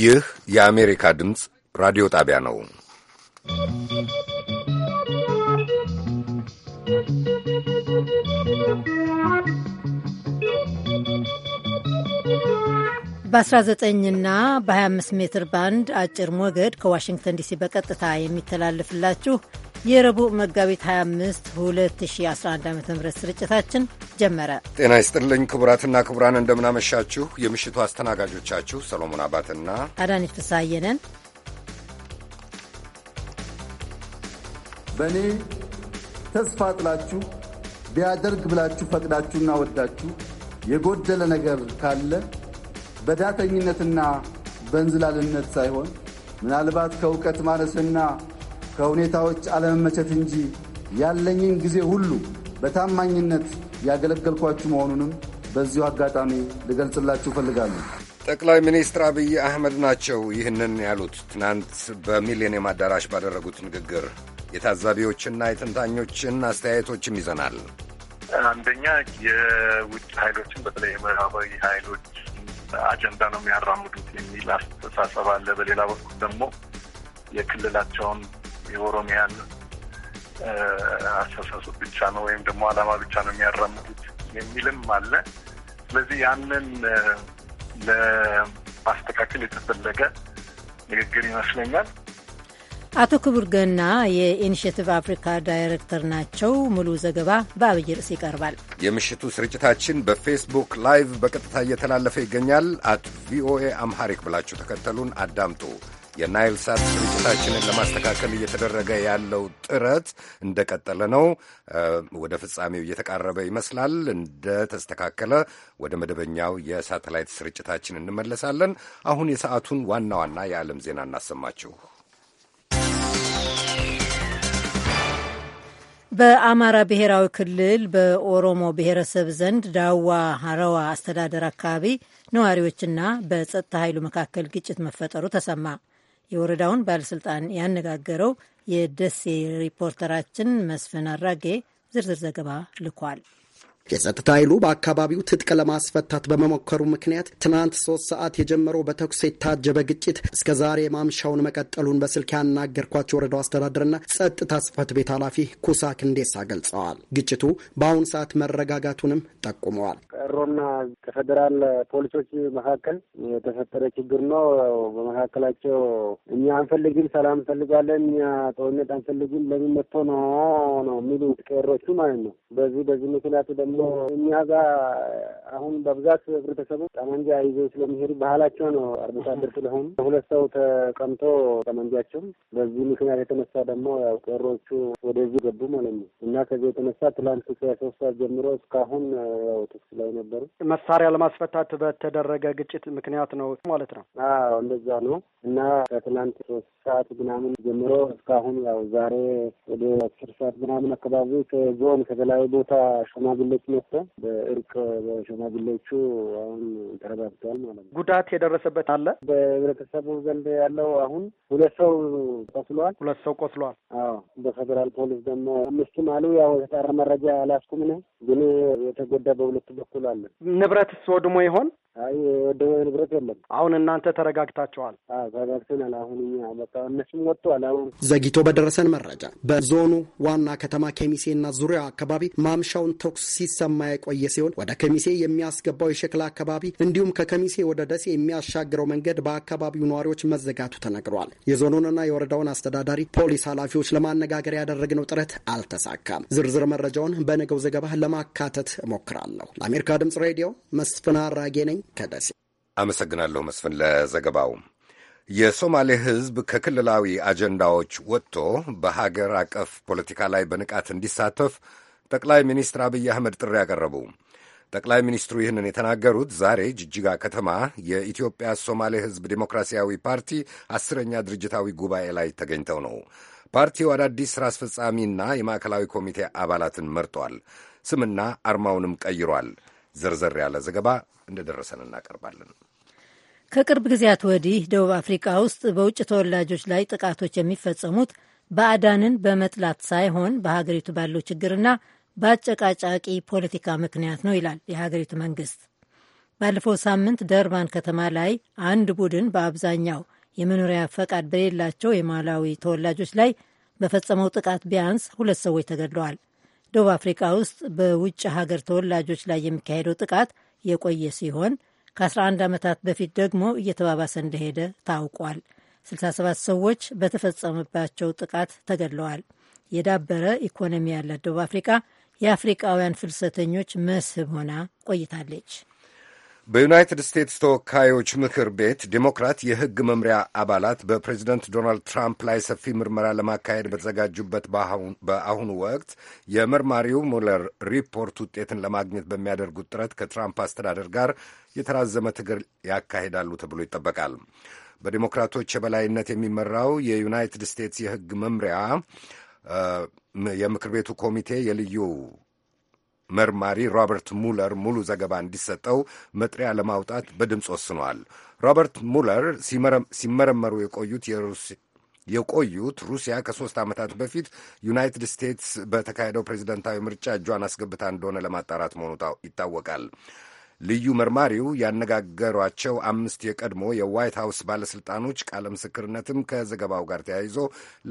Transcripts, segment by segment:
ይህ የአሜሪካ ድምፅ ራዲዮ ጣቢያ ነው። በ19ና በ25 ሜትር ባንድ አጭር ሞገድ ከዋሽንግተን ዲሲ በቀጥታ የሚተላለፍላችሁ የረቡዕ መጋቢት 25 2011 ዓ ም ስርጭታችን ጀመረ። ጤና ይስጥልኝ ክቡራትና ክቡራን፣ እንደምናመሻችሁ። የምሽቱ አስተናጋጆቻችሁ ሰሎሞን አባትና አዳነች ፍስሐዬ ነን። በእኔ ተስፋ ጥላችሁ ቢያደርግ ብላችሁ ፈቅዳችሁና ወዳችሁ የጎደለ ነገር ካለ በዳተኝነትና በእንዝላልነት ሳይሆን ምናልባት ከእውቀት ማነስና ከሁኔታዎች አለመመቸት እንጂ ያለኝን ጊዜ ሁሉ በታማኝነት ያገለገልኳችሁ መሆኑንም በዚሁ አጋጣሚ ልገልጽላችሁ እፈልጋለሁ። ጠቅላይ ሚኒስትር አብይ አህመድ ናቸው ይህንን ያሉት ትናንት በሚሌኒየም አዳራሽ ባደረጉት ንግግር። የታዛቢዎችና የተንታኞችን አስተያየቶችም ይዘናል። አንደኛ የውጭ ኃይሎችን በተለይ የምዕራባዊ ኃይሎች አጀንዳ ነው የሚያራምዱት የሚል አስተሳሰብ አለ። በሌላ በኩል ደግሞ የክልላቸውን የኦሮሚያን አስተሳሰብ ብቻ ነው ወይም ደግሞ አላማ ብቻ ነው የሚያራምዱት የሚልም አለ። ስለዚህ ያንን ለማስተካከል የተፈለገ ንግግር ይመስለኛል። አቶ ክቡር ገና የኢኒሽቲቭ አፍሪካ ዳይሬክተር ናቸው። ሙሉ ዘገባ በአብይ ርዕስ ይቀርባል። የምሽቱ ስርጭታችን በፌስቡክ ላይቭ በቀጥታ እየተላለፈ ይገኛል። አት ቪኦኤ አምሃሪክ ብላችሁ ተከተሉን አዳምጡ። የናይል ሳት ስርጭታችንን ለማስተካከል እየተደረገ ያለው ጥረት እንደቀጠለ ነው። ወደ ፍጻሜው እየተቃረበ ይመስላል። እንደተስተካከለ ወደ መደበኛው የሳተላይት ስርጭታችን እንመለሳለን። አሁን የሰዓቱን ዋና ዋና የዓለም ዜና እናሰማችሁ። በአማራ ብሔራዊ ክልል በኦሮሞ ብሔረሰብ ዘንድ ዳዋ ሀረዋ አስተዳደር አካባቢ ነዋሪዎችና በጸጥታ ኃይሉ መካከል ግጭት መፈጠሩ ተሰማ። የወረዳውን ባለስልጣን ያነጋገረው የደሴ ሪፖርተራችን መስፍን አራጌ ዝርዝር ዘገባ ልኳል። የጸጥታ ኃይሉ በአካባቢው ትጥቅ ለማስፈታት በመሞከሩ ምክንያት ትናንት ሶስት ሰዓት የጀመረው በተኩስ የታጀበ ግጭት እስከ ዛሬ ማምሻውን መቀጠሉን በስልክ ያናገርኳቸው ወረዳው አስተዳደርና ጸጥታ ጽህፈት ቤት ኃላፊ ኩሳ ክንዴሳ ገልጸዋል። ግጭቱ በአሁን ሰዓት መረጋጋቱንም ጠቁመዋል። ቀሮና ከፌዴራል ፖሊሶች መካከል የተፈጠረ ችግር ነው። በመካከላቸው እኛ አንፈልግም፣ ሰላም እንፈልጋለን፣ እኛ ጦርነት አንፈልግም፣ ለምን መጥቶ ነው ነው የሚሉ ቀሮቹ ማለት ነው። በዚህ በዚህ ምክንያቱ ደግሞ ወሎ እኛ ጋር አሁን በብዛት ህብረተሰቡ ጠመንጃ ይዞ ስለሚሄዱ ባህላቸው ነው። አርብቶ አደር ስለሆኑ ሁለት ሰው ተቀምጦ ጠመንጃቸውም በዚህ ምክንያት የተነሳ ደግሞ ያው ቀሮቹ ወደዚህ ገቡ ማለት ነው እና ከዚህ የተነሳ ትላንት ከሶስት ሰዓት ጀምሮ እስካሁን ያው ትክስ ላይ ነበሩ። መሳሪያ ለማስፈታት በተደረገ ግጭት ምክንያት ነው ማለት ነው። አዎ እንደዛ ነው እና ከትላንት ሶስት ሰዓት ምናምን ጀምሮ እስካሁን ያው ዛሬ ወደ አስር ሰዓት ምናምን አካባቢ ከዞን ከተለያዩ ቦታ ሽማግሌ ለውጥ መጣ። በእርቅ በሽማግሌዎቹ አሁን ተረጋግተዋል ማለት ነው። ጉዳት የደረሰበት አለ በህብረተሰቡ ዘንድ ያለው አሁን ሁለት ሰው ቆስሏል። ሁለት ሰው ቆስሏል። አዎ በፌዴራል ፖሊስ ደግሞ አምስትም አሉ። ያው የተጣራ መረጃ አላስኩምነ ግን የተጎዳ በሁለቱ በኩል አለ። ንብረትስ ወድሞ ይሆን? አይ ንብረት የለም። አሁን እናንተ ተረጋግታችኋል? ተረጋግተናል። አሁን በቃ እነሱም ወጥተዋል። አሁን ዘግይቶ በደረሰን መረጃ በዞኑ ዋና ከተማ ከሚሴና ዙሪያው አካባቢ ማምሻውን ተኩስ ሲሰማ የቆየ ሲሆን ወደ ከሚሴ የሚያስገባው የሸክላ አካባቢ እንዲሁም ከከሚሴ ወደ ደሴ የሚያሻግረው መንገድ በአካባቢው ነዋሪዎች መዘጋቱ ተነግሯል። የዞኑንና የወረዳውን አስተዳዳሪ ፖሊስ ኃላፊዎች ለማነጋገር ያደረግነው ጥረት አልተሳካም። ዝርዝር መረጃውን በነገው ዘገባ ለማካተት እሞክራለሁ። ለአሜሪካ ድምጽ ሬዲዮ መስፍን አራጌ ነኝ። ከደሴ አመሰግናለሁ መስፍን ለዘገባው። የሶማሌ ሕዝብ ከክልላዊ አጀንዳዎች ወጥቶ በሀገር አቀፍ ፖለቲካ ላይ በንቃት እንዲሳተፍ ጠቅላይ ሚኒስትር አብይ አህመድ ጥሪ ያቀረቡ። ጠቅላይ ሚኒስትሩ ይህንን የተናገሩት ዛሬ ጅጅጋ ከተማ የኢትዮጵያ ሶማሌ ሕዝብ ዴሞክራሲያዊ ፓርቲ አስረኛ ድርጅታዊ ጉባኤ ላይ ተገኝተው ነው። ፓርቲው አዳዲስ ሥራ አስፈጻሚና የማዕከላዊ ኮሚቴ አባላትን መርጧል። ስምና አርማውንም ቀይሯል። ዘርዘር ያለ ዘገባ እንደደረሰን እናቀርባለን። ከቅርብ ጊዜያት ወዲህ ደቡብ አፍሪካ ውስጥ በውጭ ተወላጆች ላይ ጥቃቶች የሚፈጸሙት ባዕዳንን በመጥላት ሳይሆን በሀገሪቱ ባለው ችግርና በአጨቃጫቂ ፖለቲካ ምክንያት ነው ይላል የሀገሪቱ መንግስት። ባለፈው ሳምንት ደርባን ከተማ ላይ አንድ ቡድን በአብዛኛው የመኖሪያ ፈቃድ በሌላቸው የማላዊ ተወላጆች ላይ በፈጸመው ጥቃት ቢያንስ ሁለት ሰዎች ተገድለዋል። ደቡብ አፍሪካ ውስጥ በውጭ ሀገር ተወላጆች ላይ የሚካሄደው ጥቃት የቆየ ሲሆን ከ11 ዓመታት በፊት ደግሞ እየተባባሰ እንደሄደ ታውቋል። 67 ሰዎች በተፈጸመባቸው ጥቃት ተገድለዋል። የዳበረ ኢኮኖሚ ያላት ደቡብ አፍሪካ የአፍሪቃውያን ፍልሰተኞች መስህብ ሆና ቆይታለች። በዩናይትድ ስቴትስ ተወካዮች ምክር ቤት ዴሞክራት የሕግ መምሪያ አባላት በፕሬዚደንት ዶናልድ ትራምፕ ላይ ሰፊ ምርመራ ለማካሄድ በተዘጋጁበት በአሁኑ ወቅት የመርማሪው ሙለር ሪፖርት ውጤትን ለማግኘት በሚያደርጉት ጥረት ከትራምፕ አስተዳደር ጋር የተራዘመ ትግል ያካሂዳሉ ተብሎ ይጠበቃል። በዴሞክራቶች የበላይነት የሚመራው የዩናይትድ ስቴትስ የሕግ መምሪያ የምክር ቤቱ ኮሚቴ የልዩ መርማሪ ሮበርት ሙለር ሙሉ ዘገባ እንዲሰጠው መጥሪያ ለማውጣት በድምፅ ወስኗል። ሮበርት ሙለር ሲመረመሩ የቆዩት የቆዩት ሩሲያ ከሶስት ዓመታት በፊት ዩናይትድ ስቴትስ በተካሄደው ፕሬዚደንታዊ ምርጫ እጇን አስገብታ እንደሆነ ለማጣራት መሆኑ ይታወቃል። ልዩ መርማሪው ያነጋገሯቸው አምስት የቀድሞ የዋይት ሀውስ ባለሥልጣኖች ቃለ ምስክርነትም ከዘገባው ጋር ተያይዞ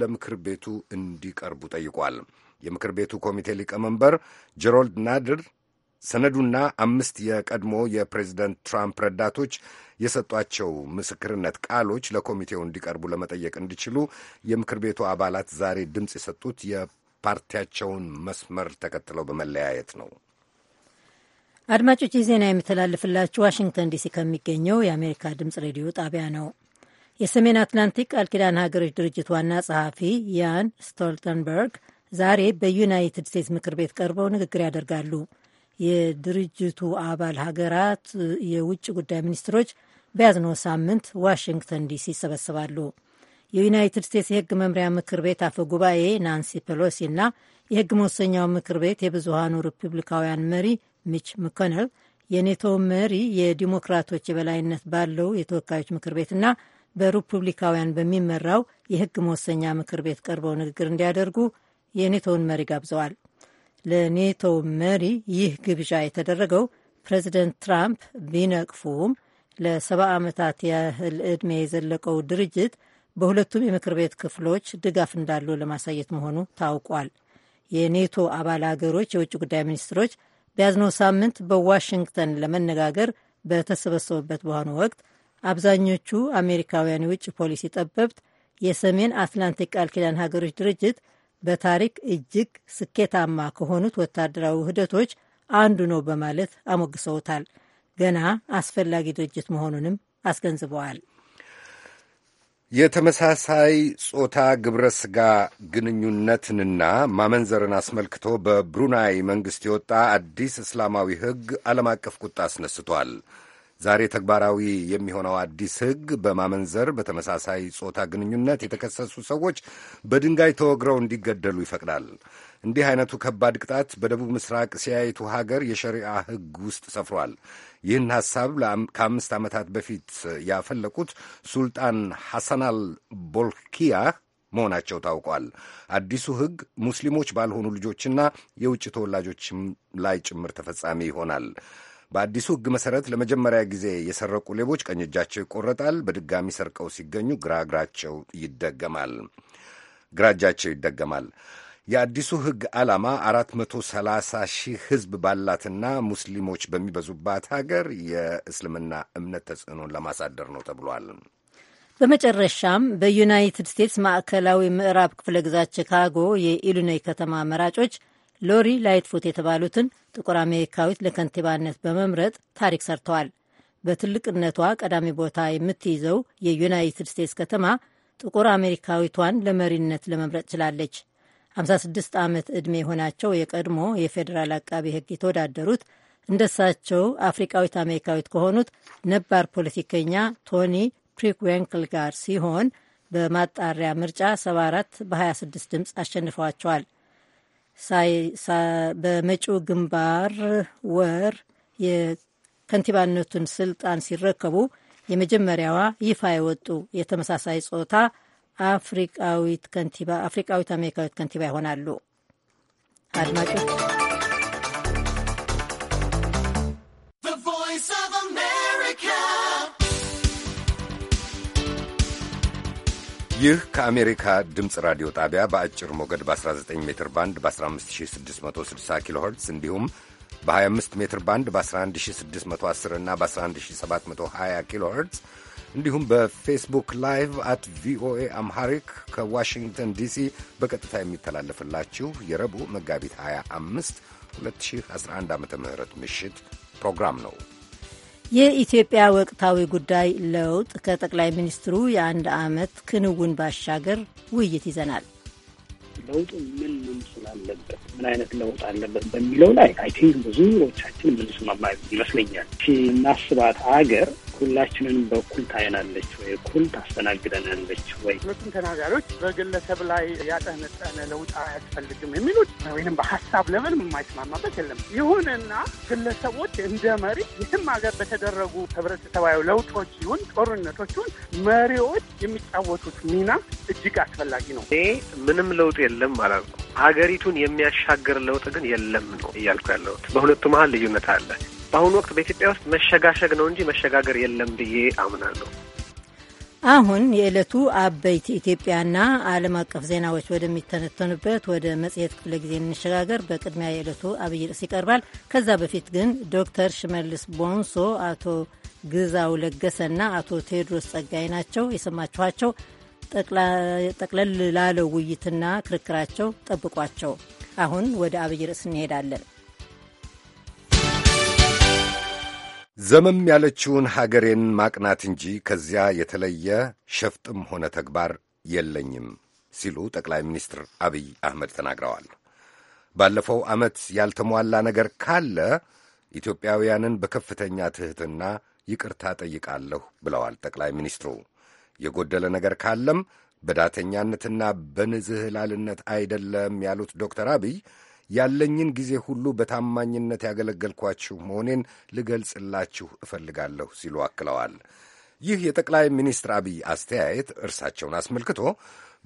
ለምክር ቤቱ እንዲቀርቡ ጠይቋል። የምክር ቤቱ ኮሚቴ ሊቀመንበር ጀሮልድ ናድር ሰነዱና አምስት የቀድሞ የፕሬዚደንት ትራምፕ ረዳቶች የሰጧቸው ምስክርነት ቃሎች ለኮሚቴው እንዲቀርቡ ለመጠየቅ እንዲችሉ የምክር ቤቱ አባላት ዛሬ ድምፅ የሰጡት የፓርቲያቸውን መስመር ተከትለው በመለያየት ነው። አድማጮች ይህ ዜና የሚተላለፍላችሁ ዋሽንግተን ዲሲ ከሚገኘው የአሜሪካ ድምፅ ሬዲዮ ጣቢያ ነው። የሰሜን አትላንቲክ ቃል ኪዳን ሀገሮች ድርጅት ዋና ጸሐፊ ያን ስቶልተንበርግ ዛሬ በዩናይትድ ስቴትስ ምክር ቤት ቀርበው ንግግር ያደርጋሉ። የድርጅቱ አባል ሀገራት የውጭ ጉዳይ ሚኒስትሮች በያዝነው ሳምንት ዋሽንግተን ዲሲ ይሰበሰባሉ። የዩናይትድ ስቴትስ የህግ መምሪያ ምክር ቤት አፈ ጉባኤ ናንሲ ፔሎሲ እና የህግ መወሰኛው ምክር ቤት የብዙሃኑ ሪፑብሊካውያን መሪ ሚች ምኮነል የኔቶ መሪ የዲሞክራቶች የበላይነት ባለው የተወካዮች ምክር ቤትና በሪፑብሊካውያን በሚመራው የህግ መወሰኛ ምክር ቤት ቀርበው ንግግር እንዲያደርጉ የኔቶውን መሪ ጋብዘዋል። ለኔቶ መሪ ይህ ግብዣ የተደረገው ፕሬዚደንት ትራምፕ ቢነቅፉም ለሰባ ዓመታት ያህል ዕድሜ የዘለቀው ድርጅት በሁለቱም የምክር ቤት ክፍሎች ድጋፍ እንዳለው ለማሳየት መሆኑ ታውቋል። የኔቶ አባል አገሮች የውጭ ጉዳይ ሚኒስትሮች በያዝነው ሳምንት በዋሽንግተን ለመነጋገር በተሰበሰቡበት በአሁኑ ወቅት አብዛኞቹ አሜሪካውያን የውጭ ፖሊሲ ጠበብት የሰሜን አትላንቲክ ቃል ኪዳን ሀገሮች ድርጅት በታሪክ እጅግ ስኬታማ ከሆኑት ወታደራዊ ውህደቶች አንዱ ነው በማለት አሞግሰውታል። ገና አስፈላጊ ድርጅት መሆኑንም አስገንዝበዋል። የተመሳሳይ ጾታ ግብረ ሥጋ ግንኙነትንና ማመንዘርን አስመልክቶ በብሩናይ መንግሥት የወጣ አዲስ እስላማዊ ሕግ ዓለም አቀፍ ቁጣ አስነስቷል። ዛሬ ተግባራዊ የሚሆነው አዲስ ሕግ በማመንዘር በተመሳሳይ ጾታ ግንኙነት የተከሰሱ ሰዎች በድንጋይ ተወግረው እንዲገደሉ ይፈቅዳል። እንዲህ አይነቱ ከባድ ቅጣት በደቡብ ምስራቅ ሲያይቱ ሀገር የሸሪዓ ሕግ ውስጥ ሰፍሯል። ይህን ሐሳብ ከአምስት ዓመታት በፊት ያፈለቁት ሱልጣን ሐሰናል ቦልኪያ መሆናቸው ታውቋል። አዲሱ ሕግ ሙስሊሞች ባልሆኑ ልጆችና የውጭ ተወላጆችም ላይ ጭምር ተፈጻሚ ይሆናል። በአዲሱ ሕግ መሰረት ለመጀመሪያ ጊዜ የሰረቁ ሌቦች ቀኝ እጃቸው ይቆረጣል። በድጋሚ ሰርቀው ሲገኙ ግራ እግራቸው ይደገማል ግራ እጃቸው ይደገማል። የአዲሱ ሕግ ዓላማ 430 ሺህ ሕዝብ ባላትና ሙስሊሞች በሚበዙባት ሀገር የእስልምና እምነት ተጽዕኖን ለማሳደር ነው ተብሏል። በመጨረሻም በዩናይትድ ስቴትስ ማዕከላዊ ምዕራብ ክፍለ ግዛት ቺካጎ የኢሉኖይ ከተማ መራጮች ሎሪ ላይትፉት የተባሉትን ጥቁር አሜሪካዊት ለከንቲባነት በመምረጥ ታሪክ ሰርተዋል። በትልቅነቷ ቀዳሚ ቦታ የምትይዘው የዩናይትድ ስቴትስ ከተማ ጥቁር አሜሪካዊቷን ለመሪነት ለመምረጥ ችላለች። 56 ዓመት ዕድሜ የሆናቸው የቀድሞ የፌዴራል አቃቢ ሕግ የተወዳደሩት እንደሳቸው አፍሪካዊት አሜሪካዊት ከሆኑት ነባር ፖለቲከኛ ቶኒ ፕሪክዌንክል ጋር ሲሆን በማጣሪያ ምርጫ 74 በ26 ድምፅ አሸንፈዋቸዋል። በመጪው ግንባር ወር የከንቲባነቱን ስልጣን ሲረከቡ የመጀመሪያዋ ይፋ የወጡ የተመሳሳይ ጾታ አፍሪቃዊት አሜሪካዊት ከንቲባ ይሆናሉ። አድማጮች ይህ ከአሜሪካ ድምፅ ራዲዮ ጣቢያ በአጭር ሞገድ በ19 ሜትር ባንድ በ15660 ኪሎ ኸርትዝ እንዲሁም በ25 ሜትር ባንድ በ11610 እና በ11720 ኪሎ ኸርትዝ እንዲሁም በፌስቡክ ላይቭ አት ቪኦኤ አምሃሪክ ከዋሽንግተን ዲሲ በቀጥታ የሚተላለፍላችሁ የረቡዕ መጋቢት 25 2011 ዓ ም ምሽት ፕሮግራም ነው። የኢትዮጵያ ወቅታዊ ጉዳይ ለውጥ ከጠቅላይ ሚኒስትሩ የአንድ ዓመት ክንውን ባሻገር ውይይት ይዘናል። ለውጡ ምን መምሰል አለበት፣ ምን አይነት ለውጥ አለበት በሚለው ላይ አይ ቲንክ ብዙዎቻችን ምንስማማ ይመስለኛል። እናስባት አገር ሁላችንንም በኩል ታይናለች ወይ? እኩል ታስተናግደናለች ወይ? ሁለቱም ተናጋሪዎች በግለሰብ ላይ ያጠነጠነ ለውጥ አያስፈልግም የሚሉት ወይም በሀሳብ ለበል የማይስማማበት የለም። ይሁንና ግለሰቦች እንደ መሪ ይህም ሀገር በተደረጉ ህብረተሰባዊ ለውጦች ይሁን ጦርነቶች ይሁን መሪዎች የሚጫወቱት ሚና እጅግ አስፈላጊ ነው። ይሄ ምንም ለውጥ የለም አላልኩም። ሀገሪቱን የሚያሻገር ለውጥ ግን የለም ነው እያልኩ ያለሁት። በሁለቱ መሀል ልዩነት አለ። በአሁኑ ወቅት በኢትዮጵያ ውስጥ መሸጋሸግ ነው እንጂ መሸጋገር የለም ብዬ አምናለሁ። አሁን የዕለቱ አበይት ኢትዮጵያና ዓለም አቀፍ ዜናዎች ወደሚተነተኑበት ወደ መጽሔት ክፍለ ጊዜ እንሸጋገር። በቅድሚያ የዕለቱ አብይ ርዕስ ይቀርባል። ከዛ በፊት ግን ዶክተር ሽመልስ ቦንሶ፣ አቶ ግዛው ለገሰና አቶ ቴዎድሮስ ጸጋይ ናቸው የሰማችኋቸው። ጠቅለል ላለው ውይይትና ክርክራቸው ጠብቋቸው። አሁን ወደ አብይ ርዕስ እንሄዳለን። ዘመም ያለችውን ሀገሬን ማቅናት እንጂ ከዚያ የተለየ ሸፍጥም ሆነ ተግባር የለኝም ሲሉ ጠቅላይ ሚኒስትር አብይ አህመድ ተናግረዋል። ባለፈው ዓመት ያልተሟላ ነገር ካለ ኢትዮጵያውያንን በከፍተኛ ትሕትና ይቅርታ ጠይቃለሁ ብለዋል ጠቅላይ ሚኒስትሩ። የጎደለ ነገር ካለም በዳተኛነትና በንዝህላልነት አይደለም ያሉት ዶክተር አብይ ያለኝን ጊዜ ሁሉ በታማኝነት ያገለገልኳችሁ መሆኔን ልገልጽላችሁ እፈልጋለሁ ሲሉ አክለዋል። ይህ የጠቅላይ ሚኒስትር አብይ አስተያየት እርሳቸውን አስመልክቶ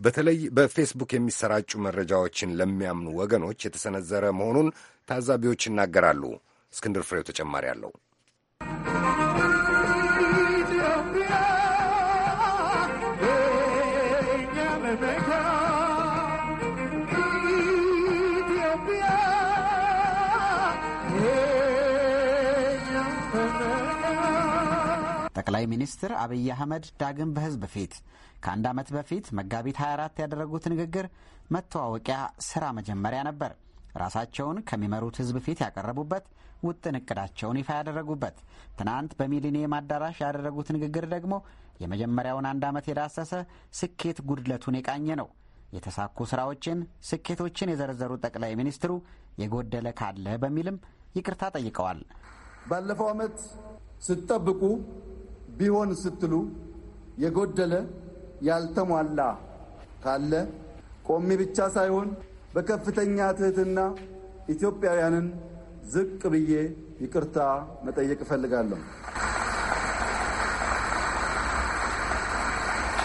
በተለይ በፌስቡክ የሚሰራጩ መረጃዎችን ለሚያምኑ ወገኖች የተሰነዘረ መሆኑን ታዛቢዎች ይናገራሉ። እስክንድር ፍሬው ተጨማሪ አለው። ጠቅላይ ሚኒስትር አብይ አህመድ ዳግም በህዝብ ፊት ከአንድ ዓመት በፊት መጋቢት 24 ያደረጉት ንግግር መተዋወቂያ ስራ መጀመሪያ ነበር። ራሳቸውን ከሚመሩት ህዝብ ፊት ያቀረቡበት፣ ውጥን እቅዳቸውን ይፋ ያደረጉበት። ትናንት በሚሊኒየም አዳራሽ ያደረጉት ንግግር ደግሞ የመጀመሪያውን አንድ ዓመት የዳሰሰ ስኬት ጉድለቱን የቃኘ ነው። የተሳኩ ስራዎችን፣ ስኬቶችን የዘረዘሩ ጠቅላይ ሚኒስትሩ የጎደለ ካለ በሚልም ይቅርታ ጠይቀዋል። ባለፈው ዓመት ስትጠብቁ ቢሆን ስትሉ የጎደለ ያልተሟላ ካለ ቆሜ ብቻ ሳይሆን በከፍተኛ ትህትና ኢትዮጵያውያንን ዝቅ ብዬ ይቅርታ መጠየቅ እፈልጋለሁ።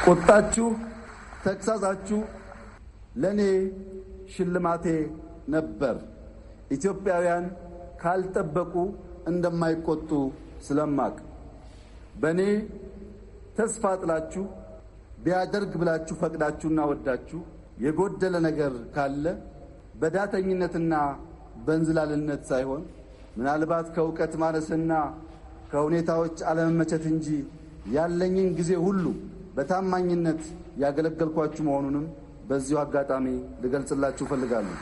ቁጣችሁ፣ ተግሳጻችሁ ለእኔ ሽልማቴ ነበር። ኢትዮጵያውያን ካልጠበቁ እንደማይቆጡ ስለማቅ በእኔ ተስፋ ጥላችሁ ቢያደርግ ብላችሁ ፈቅዳችሁና ወዳችሁ የጎደለ ነገር ካለ በዳተኝነትና በእንዝላልነት ሳይሆን ምናልባት ከእውቀት ማነስና ከሁኔታዎች አለመመቸት እንጂ ያለኝን ጊዜ ሁሉ በታማኝነት ያገለገልኳችሁ መሆኑንም በዚሁ አጋጣሚ ልገልጽላችሁ እፈልጋለሁ።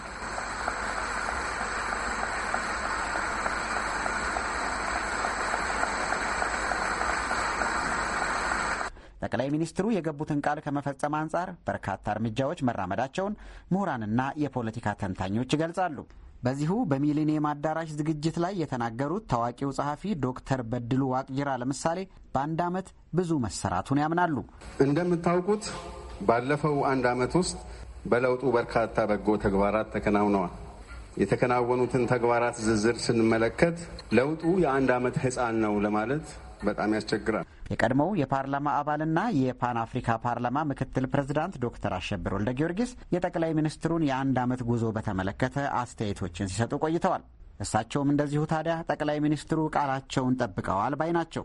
ጠቅላይ ሚኒስትሩ የገቡትን ቃል ከመፈጸም አንጻር በርካታ እርምጃዎች መራመዳቸውን ምሁራንና የፖለቲካ ተንታኞች ይገልጻሉ። በዚሁ በሚሊኒየም አዳራሽ ዝግጅት ላይ የተናገሩት ታዋቂው ጸሐፊ ዶክተር በድሉ ዋቅጅራ ለምሳሌ በአንድ ዓመት ብዙ መሰራቱን ያምናሉ። እንደምታውቁት ባለፈው አንድ ዓመት ውስጥ በለውጡ በርካታ በጎ ተግባራት ተከናውነዋል። የተከናወኑትን ተግባራት ዝርዝር ስንመለከት ለውጡ የአንድ ዓመት ሕፃን ነው ለማለት በጣም ያስቸግራል። የቀድሞው የፓርላማ አባልና የፓን አፍሪካ ፓርላማ ምክትል ፕሬዝዳንት ዶክተር አሸብር ወልደ ጊዮርጊስ የጠቅላይ ሚኒስትሩን የአንድ ዓመት ጉዞ በተመለከተ አስተያየቶችን ሲሰጡ ቆይተዋል። እሳቸውም እንደዚሁ ታዲያ ጠቅላይ ሚኒስትሩ ቃላቸውን ጠብቀዋል ባይ ናቸው።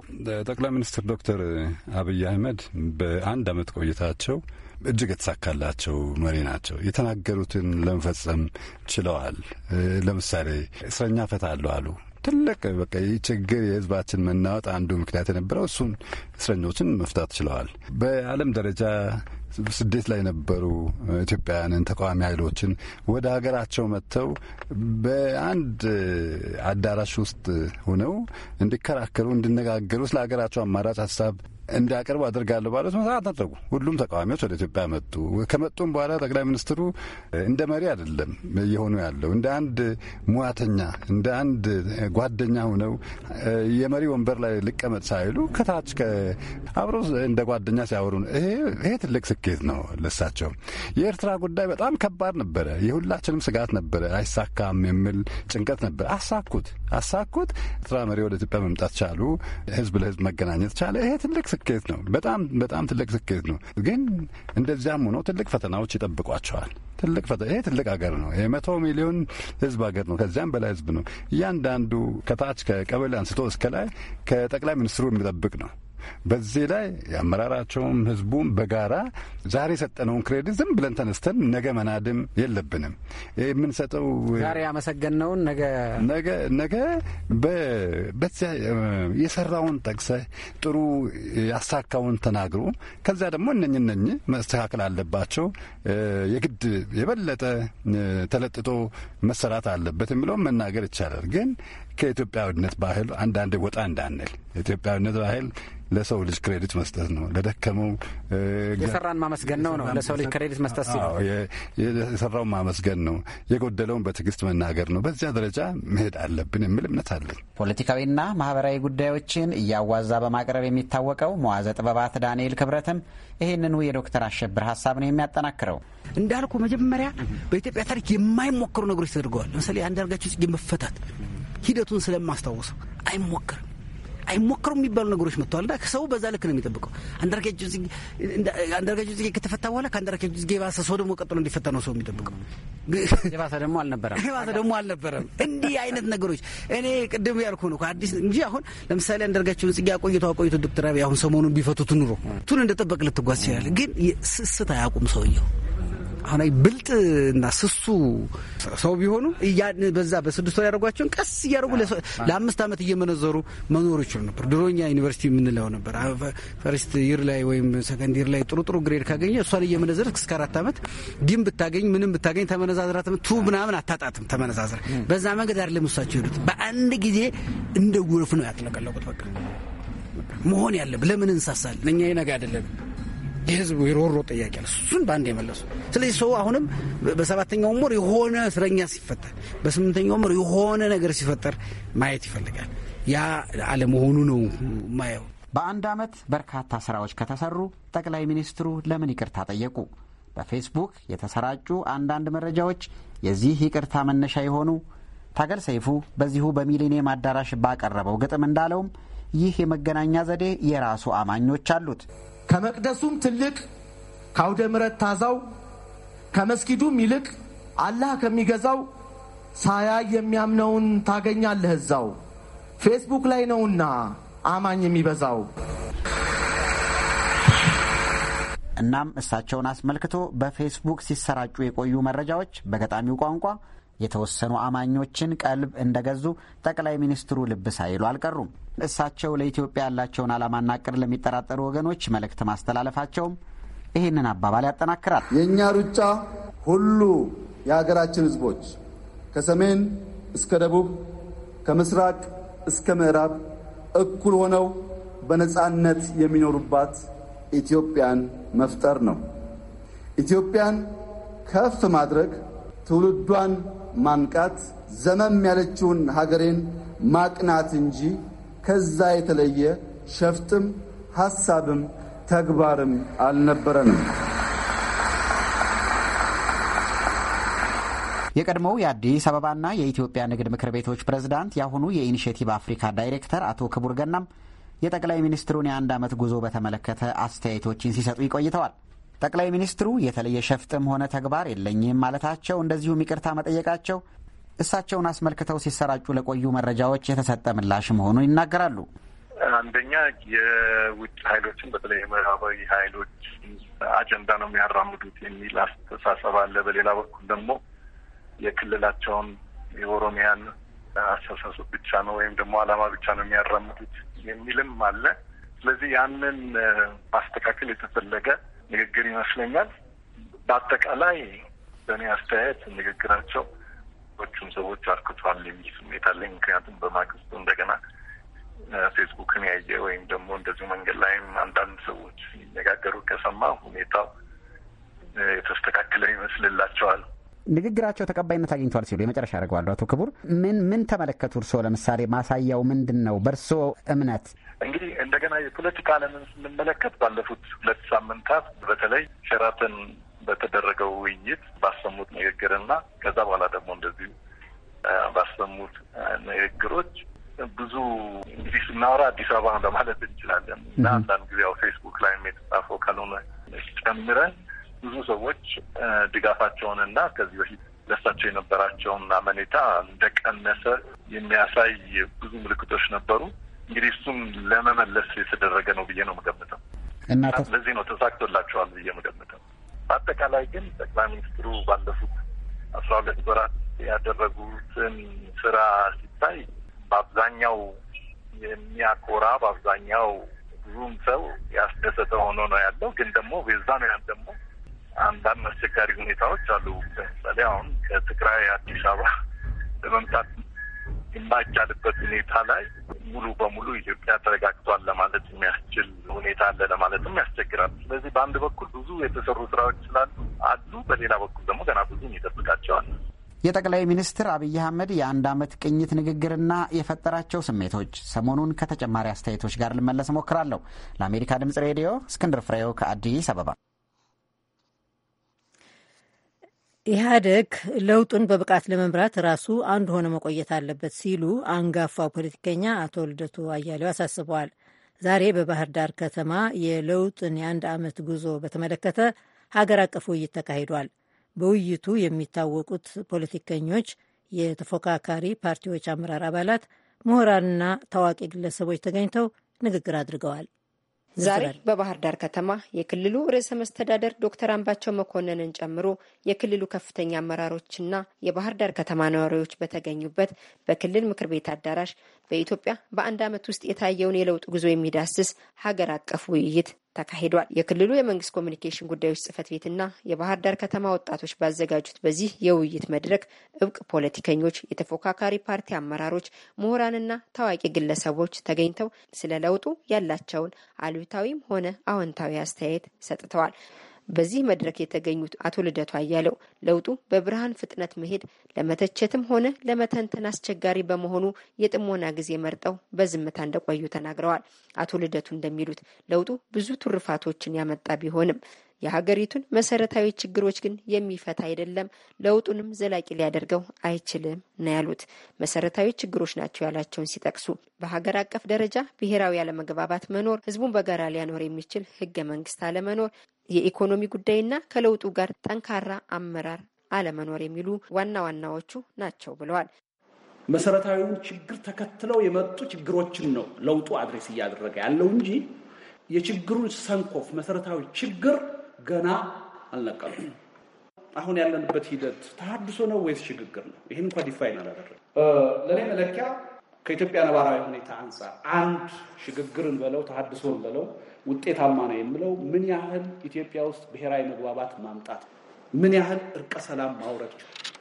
ጠቅላይ ሚኒስትር ዶክተር አብይ አህመድ በአንድ ዓመት ቆይታቸው እጅግ የተሳካላቸው መሪ ናቸው። የተናገሩትን ለመፈጸም ችለዋል። ለምሳሌ እስረኛ ፈታለሁ አሉ። ትልቅ በቃ ችግር የህዝባችን መናወጥ አንዱ ምክንያት የነበረው እሱን እስረኞችን መፍታት ችለዋል። በዓለም ደረጃ ስደት ላይ የነበሩ ኢትዮጵያውያንን ተቃዋሚ ኃይሎችን ወደ ሀገራቸው መጥተው በአንድ አዳራሽ ውስጥ ሆነው እንዲከራከሩ፣ እንዲነጋገሩ ስለ ሀገራቸው አማራጭ ሀሳብ እንዲያቀርቡ አድርጋለሁ ባሉት መሰረት አደረጉ። ሁሉም ተቃዋሚዎች ወደ ኢትዮጵያ መጡ። ከመጡም በኋላ ጠቅላይ ሚኒስትሩ እንደ መሪ አይደለም እየሆኑ ያለው እንደ አንድ ሙያተኛ፣ እንደ አንድ ጓደኛ ሆነው የመሪ ወንበር ላይ ልቀመጥ ሳይሉ ከታች አብረው እንደ ጓደኛ ሲያወሩ ይሄ ትልቅ ስኬት ነው ለሳቸው። የኤርትራ ጉዳይ በጣም ከባድ ነበረ። የሁላችንም ስጋት ነበረ፣ አይሳካም የሚል ጭንቀት ነበር። አሳኩት አሳኩት። ኤርትራ መሪ ወደ ኢትዮጵያ መምጣት ቻሉ። ህዝብ ለህዝብ መገናኘት ቻለ። ይሄ ትልቅ ስኬት ነው። በጣም በጣም ትልቅ ስኬት ነው። ግን እንደዚያም ሆኖ ትልቅ ፈተናዎች ይጠብቋቸዋል። ትልቅ ፈተና ይሄ ትልቅ ሀገር ነው። የመቶ ሚሊዮን ህዝብ ሀገር ነው። ከዚያም በላይ ህዝብ ነው። እያንዳንዱ ከታች ከቀበሌ አንስቶ እስከ ላይ ከጠቅላይ ሚኒስትሩ የሚጠብቅ ነው። በዚህ ላይ አመራራቸውም ህዝቡም በጋራ ዛሬ የሰጠነውን ክሬዲት ዝም ብለን ተነስተን ነገ መናድም የለብንም። የምንሰጠው ዛሬ ያመሰገነውን ነገ ነገ ነገ በዚያ የሰራውን ጠቅሰ ጥሩ ያሳካውን ተናግሮ ከዚያ ደግሞ እነኝ እነኝ መስተካከል አለባቸው የግድ የበለጠ ተለጥጦ መሰራት አለበት የሚለውን መናገር ይቻላል። ግን ከኢትዮጵያዊነት ባህል አንዳንድ ወጣ እንዳንል ኢትዮጵያዊነት ባህል ለሰው ልጅ ክሬዲት መስጠት ነው። ለደከመው የሰራን ማመስገን ነው ነው ለሰው ልጅ ክሬዲት መስጠት ሲሉ የሰራውን ማመስገን ነው። የጎደለውን በትዕግስት መናገር ነው። በዚያ ደረጃ መሄድ አለብን የሚል እምነት አለን። ፖለቲካዊና ማህበራዊ ጉዳዮችን እያዋዛ በማቅረብ የሚታወቀው መዋዘ ጥበባት ዳንኤል ክብረትም ይህንኑ የዶክተር አሸብር ሀሳብ ነው የሚያጠናክረው። እንዳልኩ መጀመሪያ በኢትዮጵያ ታሪክ የማይሞክሩ ነገሮች ተደርገዋል። ለምሳሌ አንዳርጋቸው ጽጌ መፈታት ሂደቱን ስለማስታወሰው አይሞክርም አይሞከሩም የሚባሉ ነገሮች መጥተዋልና ሰው በዛ ልክ ነው የሚጠብቀው። አንዳርጋቸው ጽጌ ከተፈታ በኋላ ከአንዳርጋቸው ጽጌ የባሰ ሰው ደግሞ ቀጥሎ እንዲፈታ ነው ሰው የሚጠብቀው። የባሰ ደግሞ አልነበረም፣ የባሰ ደግሞ አልነበረም። እንዲህ አይነት ነገሮች እኔ ቅድም ያልኩ ነው አዲስ እንጂ አሁን ለምሳሌ አንዳርጋቸውን ጽጌ አቆይቶ አቆይቶ ዶክተር አብይ አሁን ሰሞኑን ቢፈቱት ኑሮ ቱን እንደጠበቅ ልትጓዝ ይችላል። ግን ስስት አያውቁም ሰውየው አሁን ይ ብልጥ እና ስሱ ሰው ቢሆኑ እያን በዛ በስድስት ወር ያደረጓቸውን ቀስ እያደረጉ ለአምስት ዓመት እየመነዘሩ መኖሩ ይችሉ ነበር። ድሮኛ ዩኒቨርሲቲ የምንለው ነበር። ፈርስት ይር ላይ ወይም ሰከንድ ይር ላይ ጥሩ ጥሩ ግሬድ ካገኘ እሷን እየመነዘር እስከ አራት ዓመት ዲም ብታገኝ ምንም ብታገኝ ተመነዛዝራ ቱ ምናምን አታጣትም። ተመነዛዝራ በዛ መንገድ አይደለም እሳቸው ሄዱት። በአንድ ጊዜ እንደ ጎርፍ ነው ያጥለቀለቁት። በቃ መሆን ያለብ ለምን እንሳሳለን እኛ ነገ አይደለም የህዝቡ የሮሮ ጥያቄ ነው። እሱን በአንድ የመለሱ። ስለዚህ ሰው አሁንም በሰባተኛው ወር የሆነ እስረኛ ሲፈጠር፣ በስምንተኛው ወር የሆነ ነገር ሲፈጠር ማየት ይፈልጋል። ያ አለመሆኑ ነው ማየው። በአንድ ዓመት በርካታ ስራዎች ከተሰሩ ጠቅላይ ሚኒስትሩ ለምን ይቅርታ ጠየቁ? በፌስቡክ የተሰራጩ አንዳንድ መረጃዎች የዚህ ይቅርታ መነሻ የሆኑ ታገል ሰይፉ በዚሁ በሚሊኒየም አዳራሽ ባቀረበው ግጥም እንዳለውም ይህ የመገናኛ ዘዴ የራሱ አማኞች አሉት። ከመቅደሱም ትልቅ ከአውደ ምረት ታዛው ከመስጊዱም ይልቅ አላህ ከሚገዛው ሳያይ የሚያምነውን ታገኛለህ እዛው። ፌስቡክ ላይ ነውና አማኝ የሚበዛው። እናም እሳቸውን አስመልክቶ በፌስቡክ ሲሰራጩ የቆዩ መረጃዎች በገጣሚው ቋንቋ የተወሰኑ አማኞችን ቀልብ እንደገዙ ጠቅላይ ሚኒስትሩ ልብ ሳይሉ አልቀሩም። እሳቸው ለኢትዮጵያ ያላቸውን ዓላማና ቅር ለሚጠራጠሩ ወገኖች መልእክት ማስተላለፋቸውም ይህንን አባባል ያጠናክራል። የእኛ ሩጫ ሁሉ የሀገራችን ህዝቦች ከሰሜን እስከ ደቡብ፣ ከምስራቅ እስከ ምዕራብ እኩል ሆነው በነፃነት የሚኖሩባት ኢትዮጵያን መፍጠር ነው። ኢትዮጵያን ከፍ ማድረግ፣ ትውልዷን ማንቃት፣ ዘመም ያለችውን ሀገሬን ማቅናት እንጂ ከዛ የተለየ ሸፍጥም ሐሳብም ተግባርም አልነበረንም። የቀድሞው የአዲስ አበባና የኢትዮጵያ ንግድ ምክር ቤቶች ፕሬዝዳንት የአሁኑ የኢኒሽቲቭ አፍሪካ ዳይሬክተር አቶ ክቡር ገናም የጠቅላይ ሚኒስትሩን የአንድ ዓመት ጉዞ በተመለከተ አስተያየቶችን ሲሰጡ ይቆይተዋል። ጠቅላይ ሚኒስትሩ የተለየ ሸፍጥም ሆነ ተግባር የለኝም ማለታቸው፣ እንደዚሁም ይቅርታ መጠየቃቸው እሳቸውን አስመልክተው ሲሰራጩ ለቆዩ መረጃዎች የተሰጠ ምላሽ መሆኑን ይናገራሉ። አንደኛ የውጭ ኃይሎችን በተለይ የምዕራባዊ ኃይሎች አጀንዳ ነው የሚያራምዱት የሚል አስተሳሰብ አለ። በሌላ በኩል ደግሞ የክልላቸውን የኦሮሚያን አስተሳሰብ ብቻ ነው ወይም ደግሞ ዓላማ ብቻ ነው የሚያራምዱት የሚልም አለ። ስለዚህ ያንን ማስተካከል የተፈለገ ንግግር ይመስለኛል። በአጠቃላይ በእኔ አስተያየት ንግግራቸው ሰዎቹን ሰዎች አርክቷል የሚል ስሜት አለኝ። ምክንያቱም በማግስቱ እንደገና ፌስቡክን ያየ ወይም ደግሞ እንደዚሁ መንገድ ላይም አንዳንድ ሰዎች ሲነጋገሩ ከሰማ ሁኔታው የተስተካከለ ይመስልላቸዋል። ንግግራቸው ተቀባይነት አግኝቷል ሲሉ የመጨረሻ ያደርገዋሉ። አቶ ክቡር ምን ምን ተመለከቱ እርስዎ? ለምሳሌ ማሳያው ምንድን ነው በእርስዎ እምነት? እንግዲህ እንደገና የፖለቲካ ዓለምን ስንመለከት ባለፉት ሁለት ሳምንታት በተለይ ሸራተን በተደረገው ውይይት ባሰሙት ንግግርና ከዛ በኋላ ደግሞ እንደዚሁ ባሰሙት ንግግሮች ብዙ እንግዲህ ስናወራ አዲስ አበባ ለማለት እንችላለን እና አንዳንድ ጊዜ ያው ፌስቡክ ላይም የተጻፈው ካልሆነ ጨምረን ብዙ ሰዎች ድጋፋቸውንና ከዚህ በፊት ለሳቸው የነበራቸውን አመኔታ እንደቀነሰ የሚያሳይ ብዙ ምልክቶች ነበሩ። እንግዲህ እሱም ለመመለስ የተደረገ ነው ብዬ ነው የምገምተው እና ለዚህ ነው ተሳክቶላቸዋል ብዬ የምገምተው። በአጠቃላይ ግን ጠቅላይ ሚኒስትሩ ባለፉት አስራ ሁለት ወራት ያደረጉትን ስራ ሲታይ በአብዛኛው የሚያኮራ በአብዛኛው ብዙም ሰው ያስደሰተ ሆኖ ነው ያለው። ግን ደግሞ በዛ ነው ደግሞ አንዳንድ አስቸጋሪ ሁኔታዎች አሉ። ለምሳሌ አሁን ከትግራይ አዲስ አበባ ለመምጣት የማይቻልበት ሁኔታ ላይ ሙሉ በሙሉ ኢትዮጵያ ተረጋግቷል ለማለት የሚያስችል ሁኔታ አለ ለማለትም ያስቸግራል። ስለዚህ በአንድ በኩል ብዙ የተሰሩ ስራዎች ስላሉ አሉ፣ በሌላ በኩል ደግሞ ገና ብዙ ይጠብቃቸዋል። የጠቅላይ ሚኒስትር አብይ አህመድ የአንድ ዓመት ቅኝት ንግግርና የፈጠራቸው ስሜቶች ሰሞኑን ከተጨማሪ አስተያየቶች ጋር ልመለስ እሞክራለሁ። ለአሜሪካ ድምጽ ሬዲዮ እስክንድር ፍሬው ከአዲስ አበባ ኢህአደግ ለውጡን በብቃት ለመምራት ራሱ አንድ ሆነ መቆየት አለበት ሲሉ አንጋፋው ፖለቲከኛ አቶ ልደቱ አያሌው አሳስበዋል። ዛሬ በባህር ዳር ከተማ የለውጥን የአንድ ዓመት ጉዞ በተመለከተ ሀገር አቀፍ ውይይት ተካሂዷል። በውይይቱ የሚታወቁት ፖለቲከኞች፣ የተፎካካሪ ፓርቲዎች አመራር አባላት፣ ምሁራንና ታዋቂ ግለሰቦች ተገኝተው ንግግር አድርገዋል። ዛሬ በባህር ዳር ከተማ የክልሉ ርዕሰ መስተዳደር ዶክተር አምባቸው መኮንንን ጨምሮ የክልሉ ከፍተኛ አመራሮችና የባህር ዳር ከተማ ነዋሪዎች በተገኙበት በክልል ምክር ቤት አዳራሽ በኢትዮጵያ በአንድ ዓመት ውስጥ የታየውን የለውጥ ጉዞ የሚዳስስ ሀገር አቀፍ ውይይት ተካሂዷል። የክልሉ የመንግስት ኮሚኒኬሽን ጉዳዮች ጽህፈት ቤትና የባህር ዳር ከተማ ወጣቶች ባዘጋጁት በዚህ የውይይት መድረክ እብቅ ፖለቲከኞች፣ የተፎካካሪ ፓርቲ አመራሮች፣ ምሁራንና ታዋቂ ግለሰቦች ተገኝተው ስለ ለውጡ ያላቸውን አሉታዊም ሆነ አዎንታዊ አስተያየት ሰጥተዋል። በዚህ መድረክ የተገኙት አቶ ልደቱ አያለው ለውጡ በብርሃን ፍጥነት መሄድ ለመተቸትም ሆነ ለመተንተን አስቸጋሪ በመሆኑ የጥሞና ጊዜ መርጠው በዝምታ እንደቆዩ ተናግረዋል። አቶ ልደቱ እንደሚሉት ለውጡ ብዙ ትሩፋቶችን ያመጣ ቢሆንም የሀገሪቱን መሰረታዊ ችግሮች ግን የሚፈታ አይደለም፣ ለውጡንም ዘላቂ ሊያደርገው አይችልም ነው ያሉት። መሰረታዊ ችግሮች ናቸው ያላቸውን ሲጠቅሱ በሀገር አቀፍ ደረጃ ብሔራዊ አለመግባባት መኖር፣ ህዝቡን በጋራ ሊያኖር የሚችል ህገ መንግስት አለመኖር፣ የኢኮኖሚ ጉዳይና ከለውጡ ጋር ጠንካራ አመራር አለመኖር የሚሉ ዋና ዋናዎቹ ናቸው ብለዋል። መሰረታዊውን ችግር ተከትለው የመጡ ችግሮችን ነው ለውጡ አድሬስ እያደረገ ያለው እንጂ የችግሩን ሰንኮፍ መሰረታዊ ችግር ገና አልነቃሉም። አሁን ያለንበት ሂደት ተሀድሶ ነው ወይስ ሽግግር ነው? ይህን እንኳ ዲፋይን አላደረግም። ለእኔ መለኪያ ከኢትዮጵያ ነባራዊ ሁኔታ አንጻር አንድ ሽግግርን በለው ተሀድሶን በለው ውጤታማ ነው የምለው ምን ያህል ኢትዮጵያ ውስጥ ብሔራዊ መግባባት ማምጣት፣ ምን ያህል እርቀ ሰላም ማውረድ ችሏል።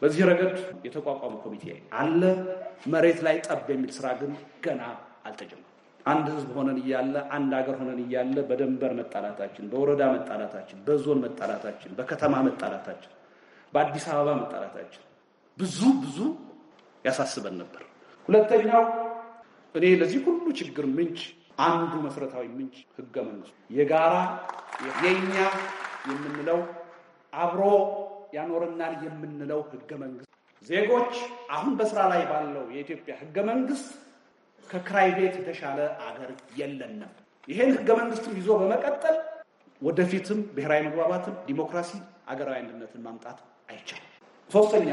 በዚህ ረገድ የተቋቋመ ኮሚቴ አለ። መሬት ላይ ጠብ የሚል ስራ ግን ገና አልተጀመረም። አንድ ህዝብ ሆነን እያለ አንድ አገር ሆነን እያለ በደንበር መጣላታችን፣ በወረዳ መጣላታችን፣ በዞን መጣላታችን፣ በከተማ መጣላታችን፣ በአዲስ አበባ መጣላታችን ብዙ ብዙ ያሳስበን ነበር። ሁለተኛው እኔ ለዚህ ሁሉ ችግር ምንጭ አንዱ መሰረታዊ ምንጭ ህገ መንግስቱ የጋራ የኛ የምንለው አብሮ ያኖረናል የምንለው ህገ መንግስት ዜጎች አሁን በስራ ላይ ባለው የኢትዮጵያ ህገ መንግስት ከክራይ ቤት የተሻለ አገር የለንም። ይሄን ህገ መንግስትም ይዞ በመቀጠል ወደፊትም ብሔራዊ መግባባትን፣ ዲሞክራሲ፣ አገራዊ አንድነትን ማምጣት አይቻልም። ሶስተኛ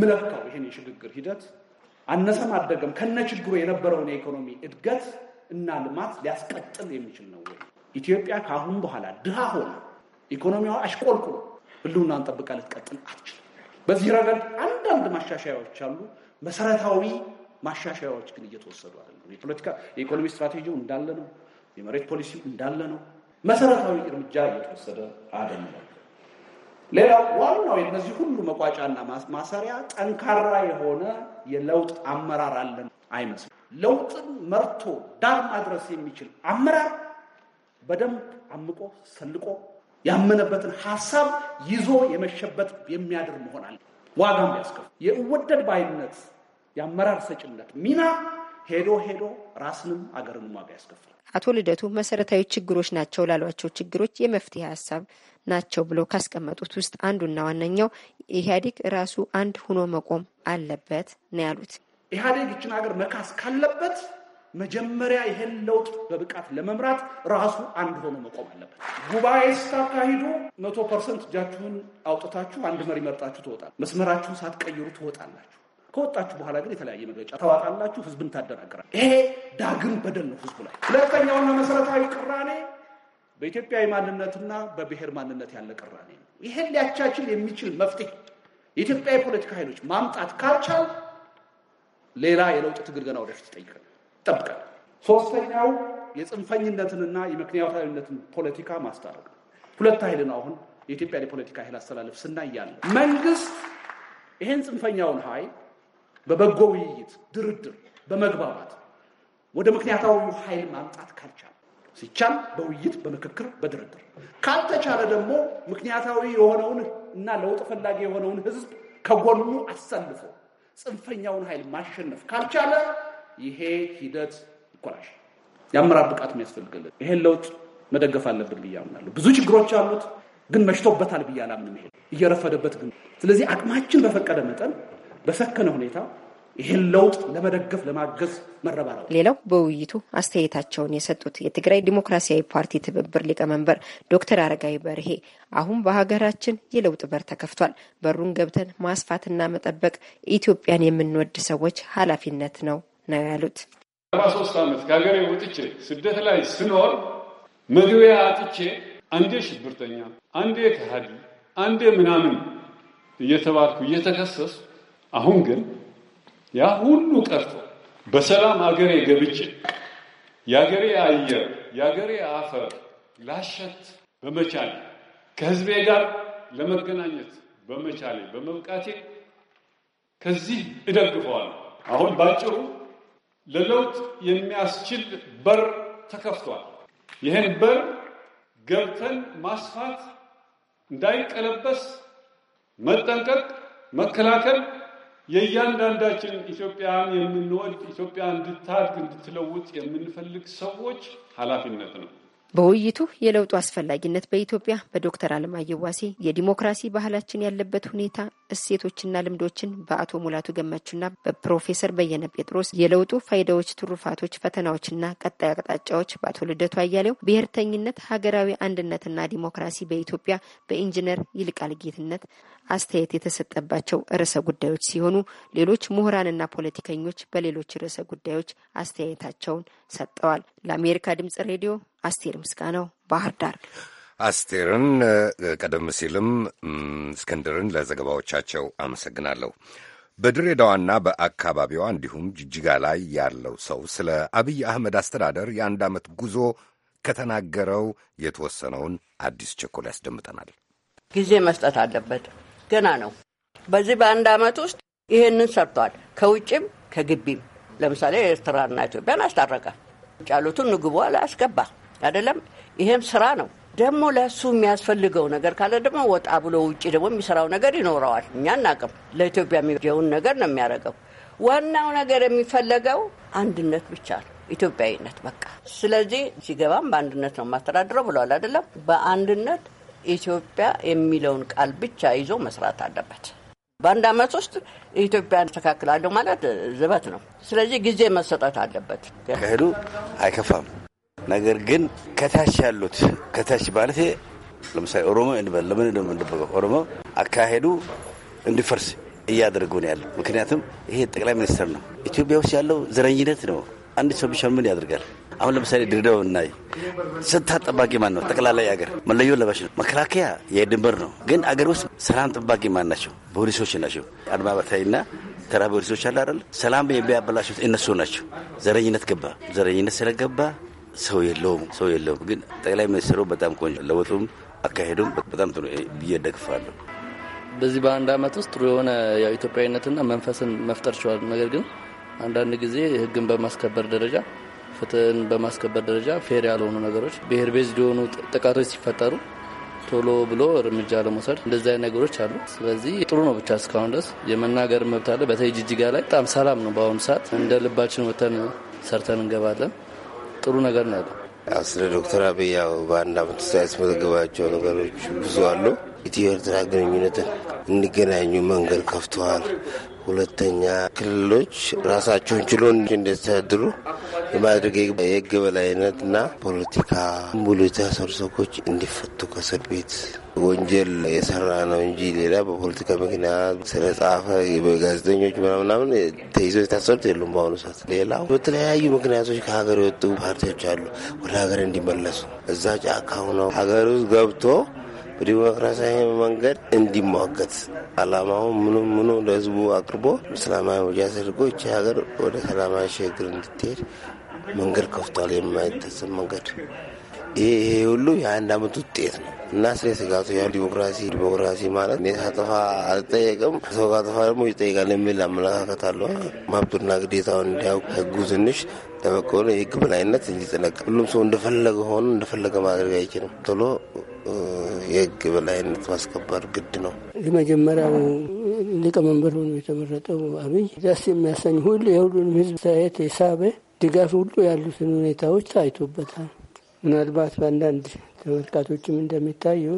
ምለካው ይህን የሽግግር ሂደት አነሰም አደገም ከነ ችግሩ የነበረውን የኢኮኖሚ እድገት እና ልማት ሊያስቀጥል የሚችል ነው ወይ? ኢትዮጵያ ከአሁን በኋላ ድሃ ሆነ ኢኮኖሚዋ አሽቆልቁሎ ህልውናን ጠብቃ ልትቀጥል አትችልም። በዚህ ረገድ አንዳንድ ማሻሻያዎች አሉ መሰረታዊ ማሻሻያዎች ግን እየተወሰዱ አይደለም። የፖለቲካ የኢኮኖሚ ስትራቴጂው እንዳለ ነው። የመሬት ፖሊሲው እንዳለ ነው። መሰረታዊ እርምጃ እየተወሰደ አይደለም። ሌላው ዋናው የነዚህ ሁሉ መቋጫና ማሰሪያ ጠንካራ የሆነ የለውጥ አመራር አለን አይመስልም። ለውጥን መርቶ ዳር ማድረስ የሚችል አመራር በደንብ አምቆ ሰልቆ ያመነበትን ሀሳብ ይዞ የመሸበት የሚያድር መሆን አለ። ዋጋም ያስከፍል። የእወደድ ባይነት የአመራር ሰጭነት ሚና ሄዶ ሄዶ ራስንም አገርን ዋጋ ያስከፍላል። አቶ ልደቱ መሰረታዊ ችግሮች ናቸው ላሏቸው ችግሮች የመፍትሄ ሀሳብ ናቸው ብለው ካስቀመጡት ውስጥ አንዱና ዋነኛው ኢህአዴግ ራሱ አንድ ሆኖ መቆም አለበት ነው ያሉት። ኢህአዴግ ይችን ሀገር መካስ ካለበት መጀመሪያ ይሄን ለውጥ በብቃት ለመምራት ራሱ አንድ ሆኖ መቆም አለበት። ጉባኤ ሳካሂዱ መቶ ፐርሰንት እጃችሁን አውጥታችሁ አንድ መሪ መርጣችሁ ትወጣል። መስመራችሁን ሳትቀይሩ ትወጣላችሁ። ከወጣችሁ በኋላ ግን የተለያየ መግለጫ ተዋጣላችሁ፣ ህዝብን ታደናገራል። ይሄ ዳግም በደል ነው ህዝቡ ላይ። ሁለተኛውና መሰረታዊ ቅራኔ በኢትዮጵያዊ ማንነትና በብሔር ማንነት ያለ ቅራኔ ነው። ይሄን ሊያቻችል የሚችል መፍትሄ የኢትዮጵያ የፖለቲካ ኃይሎች ማምጣት ካልቻል ሌላ የለውጥ ትግል ገና ወደፊት ይጠይቃል ይጠብቃል። ሶስተኛው የጽንፈኝነትንና የምክንያታዊነትን ፖለቲካ ማስታረቅ ነው። ሁለት ነው አሁን የኢትዮጵያ የፖለቲካ ኃይል አስተላለፍ ስናይ መንግስት ይሄን ጽንፈኛውን ኃይል በበጎ ውይይት፣ ድርድር፣ በመግባባት ወደ ምክንያታዊ ኃይል ማምጣት ካልቻለ ሲቻል በውይይት በምክክር በድርድር ካልተቻለ ደግሞ ምክንያታዊ የሆነውን እና ለውጥ ፈላጊ የሆነውን ህዝብ ከጎኑ አሰልፎ ጽንፈኛውን ኃይል ማሸነፍ ካልቻለ ይሄ ሂደት ይኮላሽ። የአመራር ብቃት የሚያስፈልግልን ይሄን ለውጥ መደገፍ አለብን ብዬ አምናለሁ። ብዙ ችግሮች አሉት፣ ግን መሽቶበታል ብዬ አላምንም። ይሄ እየረፈደበት ግን ስለዚህ አቅማችን በፈቀደ መጠን በሰከነ ሁኔታ ይህን ለውጥ ለመደገፍ ለማገዝ መረባረብ። ሌላው በውይይቱ አስተያየታቸውን የሰጡት የትግራይ ዲሞክራሲያዊ ፓርቲ ትብብር ሊቀመንበር ዶክተር አረጋዊ በርሄ አሁን በሀገራችን የለውጥ በር ተከፍቷል፣ በሩን ገብተን ማስፋትና መጠበቅ ኢትዮጵያን የምንወድ ሰዎች ኃላፊነት ነው ነው ያሉት። ሰባ ሶስት ዓመት ከሀገሬ ወጥቼ ስደት ላይ ስኖር መግቢያ አጥቼ አንዴ ሽብርተኛ፣ አንዴ ከሃዲ፣ አንዴ ምናምን እየተባልኩ እየተከሰሱ አሁን ግን ያ ሁሉ ቀርቶ በሰላም አገሬ ገብቼ የአገሬ አየር የአገሬ አፈር ላሸት በመቻሌ ከህዝቤ ጋር ለመገናኘት በመቻሌ በመብቃቴ ከዚህ እደግፈዋል። አሁን ባጭሩ ለለውጥ የሚያስችል በር ተከፍቷል። ይህን በር ገብተን ማስፋት እንዳይቀለበስ መጠንቀቅ፣ መከላከል የእያንዳንዳችን ኢትዮጵያን የምንወድ ኢትዮጵያ እንድታድግ እንድትለውጥ የምንፈልግ ሰዎች ኃላፊነት ነው። በውይይቱ የለውጡ አስፈላጊነት በኢትዮጵያ በዶክተር አለማየሁ ዋሴ የዲሞክራሲ ባህላችን ያለበት ሁኔታ እሴቶችና ልምዶችን በአቶ ሙላቱ ገመቹና በፕሮፌሰር በየነ ጴጥሮስ የለውጡ ፋይዳዎች፣ ትሩፋቶች፣ ፈተናዎችና ቀጣይ አቅጣጫዎች በአቶ ልደቱ አያሌው ብሔርተኝነት፣ ሀገራዊ አንድነትና ዲሞክራሲ በኢትዮጵያ በኢንጂነር ይልቃል ጌትነት አስተያየት የተሰጠባቸው ርዕሰ ጉዳዮች ሲሆኑ ሌሎች ምሁራንና ፖለቲከኞች በሌሎች ርዕሰ ጉዳዮች አስተያየታቸውን ሰጠዋል። ለአሜሪካ ድምጽ ሬዲዮ አስቴር ምስጋናው ባህር ዳር አስቴርን፣ ቀደም ሲልም እስክንድርን ለዘገባዎቻቸው አመሰግናለሁ። በድሬዳዋና በአካባቢዋ እንዲሁም ጅጅጋ ላይ ያለው ሰው ስለ አብይ አህመድ አስተዳደር የአንድ ዓመት ጉዞ ከተናገረው የተወሰነውን አዲስ ቸኮል ያስደምጠናል። ጊዜ መስጠት አለበት፣ ገና ነው። በዚህ በአንድ ዓመት ውስጥ ይህንን ሰርቷል። ከውጭም ከግቢም ለምሳሌ ኤርትራና ኢትዮጵያን አስታረቀ። ውጭ ያሉትን ላይ አስገባ አይደለም። ይሄም ስራ ነው። ደግሞ ለእሱ የሚያስፈልገው ነገር ካለ ደግሞ ወጣ ብሎ ውጭ ደግሞ የሚሰራው ነገር ይኖረዋል። እኛ እናቅም። ለኢትዮጵያ የሚውን ነገር ነው የሚያደርገው። ዋናው ነገር የሚፈለገው አንድነት ብቻ ነው፣ ኢትዮጵያዊነት በቃ። ስለዚህ ሲገባም በአንድነት ነው የማስተዳድረው ብለዋል አይደለም። በአንድነት ኢትዮጵያ የሚለውን ቃል ብቻ ይዞ መስራት አለበት። በአንድ ዓመት ውስጥ ኢትዮጵያ ተካክላለሁ ማለት ዝበት ነው። ስለዚህ ጊዜ መሰጠት አለበት። ከሄዱ አይከፋም ነገር ግን ከታች ያሉት ከታች ማለት ለምሳሌ ኦሮሞ እንበል ለምን ኦሮሞ አካሄዱ እንዲፈርስ እያደረጉ ነው ያለ። ምክንያቱም ይሄ ጠቅላይ ሚኒስትር ነው። ኢትዮጵያ ውስጥ ያለው ዘረኝነት ነው። አንድ ሰው ብቻ ምን ያደርጋል? አሁን ለምሳሌ ድርደው እናይ። ስታ ጠባቂ ማን ነው? ጠቅላላይ አገር መለዮ ለባሽ ነው። መከላከያ የድንበር ነው። ግን አገር ውስጥ ሰላም ጠባቂ ማን ናቸው? ፖሊሶች ናቸው። አድማ በታይና ተራ ፖሊሶች አለ አይደል? ሰላም የሚያበላሹት እነሱ ናቸው። ዘረኝነት ገባ። ዘረኝነት ስለገባ ሰው የለውም፣ ሰው የለውም። ግን ጠቅላይ ሚኒስትሩ በጣም ቆንጆ ለወጡም አካሄዱም በጣም ጥሩ ብዬ ደግፋለሁ። በዚህ በአንድ አመት ውስጥ ጥሩ የሆነ የኢትዮጵያዊነትና መንፈስን መፍጠር ችሏል። ነገር ግን አንዳንድ ጊዜ ህግን በማስከበር ደረጃ ፍትህን በማስከበር ደረጃ ፌር ያልሆኑ ነገሮች ብሔር ቤዝ ሊሆኑ ጥቃቶች ሲፈጠሩ ቶሎ ብሎ እርምጃ ለመውሰድ እንደዚህ አይነት ነገሮች አሉ። ስለዚህ ጥሩ ነው ብቻ እስካሁን ድረስ የመናገር መብት አለ። በተለይ ጅጅጋ ላይ በጣም ሰላም ነው። በአሁኑ ሰዓት እንደ ልባችን ወተን ሰርተን እንገባለን። ጥሩ ነገር ነው። ስለ ዶክተር አብይ ያው በአንድ አመት ውስጥ ያስመዘግባቸው ነገሮች ብዙ አሉ። ኢትዮ ኤርትራ ግንኙነትን እንገናኙ መንገድ ከፍተዋል። ሁለተኛ ክልሎች ራሳቸውን ችሎ እንደተዳደሩ የማድረግ የህግ በላይነት እና ፖለቲካ ሙሉ የታሰሩ ሰዎች እንዲፈቱ ከእስር ቤት ወንጀል የሰራ ነው እንጂ ሌላ በፖለቲካ ምክንያት ስለጻፈ በጋዜጠኞች ምናምናምን ተይዞ የታሰሩት የሉም። በአሁኑ ሰዓት ሌላው በተለያዩ ምክንያቶች ከሀገር የወጡ ፓርቲዎች አሉ። ወደ ሀገር እንዲመለሱ እዛ ጫካ ሆነው ሀገር ውስጥ ገብቶ በዲሞክራሲያዊ መንገድ እንዲሟገት አላማው ምኑ ምኑ ለህዝቡ አቅርቦ ሰላማዊ ውጃ አድርጎ እቺ ሀገር ወደ ሰላማዊ ሽግግር እንድትሄድ መንገድ ከፍቷል። የማይታሰብ መንገድ ይሄ ሁሉ የአንድ አመት ውጤት ነው እና ስለ ስጋቱ ያው ዲሞክራሲ ዲሞክራሲ ማለት እኔ ሳጠፋ አልጠየቅም ሰው ካጠፋ ደግሞ ይጠይቃል የሚል አመለካከት አለ። መብቱና ግዴታውን እንዲያውቅ ህጉ ትንሽ ጠበቅ ሆነ የህግ በላይነት እንዲጠነቅ ሁሉም ሰው እንደፈለገ ሆኖ እንደፈለገ ማድረግ አይችልም። ቶሎ የህግ በላይነት ማስከበር ግድ ነው። የመጀመሪያው ሊቀመንበር ሆኖ የተመረጠው አብይ ደስ የሚያሰኝ ሁሉ የሁሉንም ህዝብ ሳየት የሳበ ድጋፍ ሁሉ ያሉትን ሁኔታዎች ታይቶበታል። ምናልባት በአንዳንድ ተመልካቾችም እንደሚታየው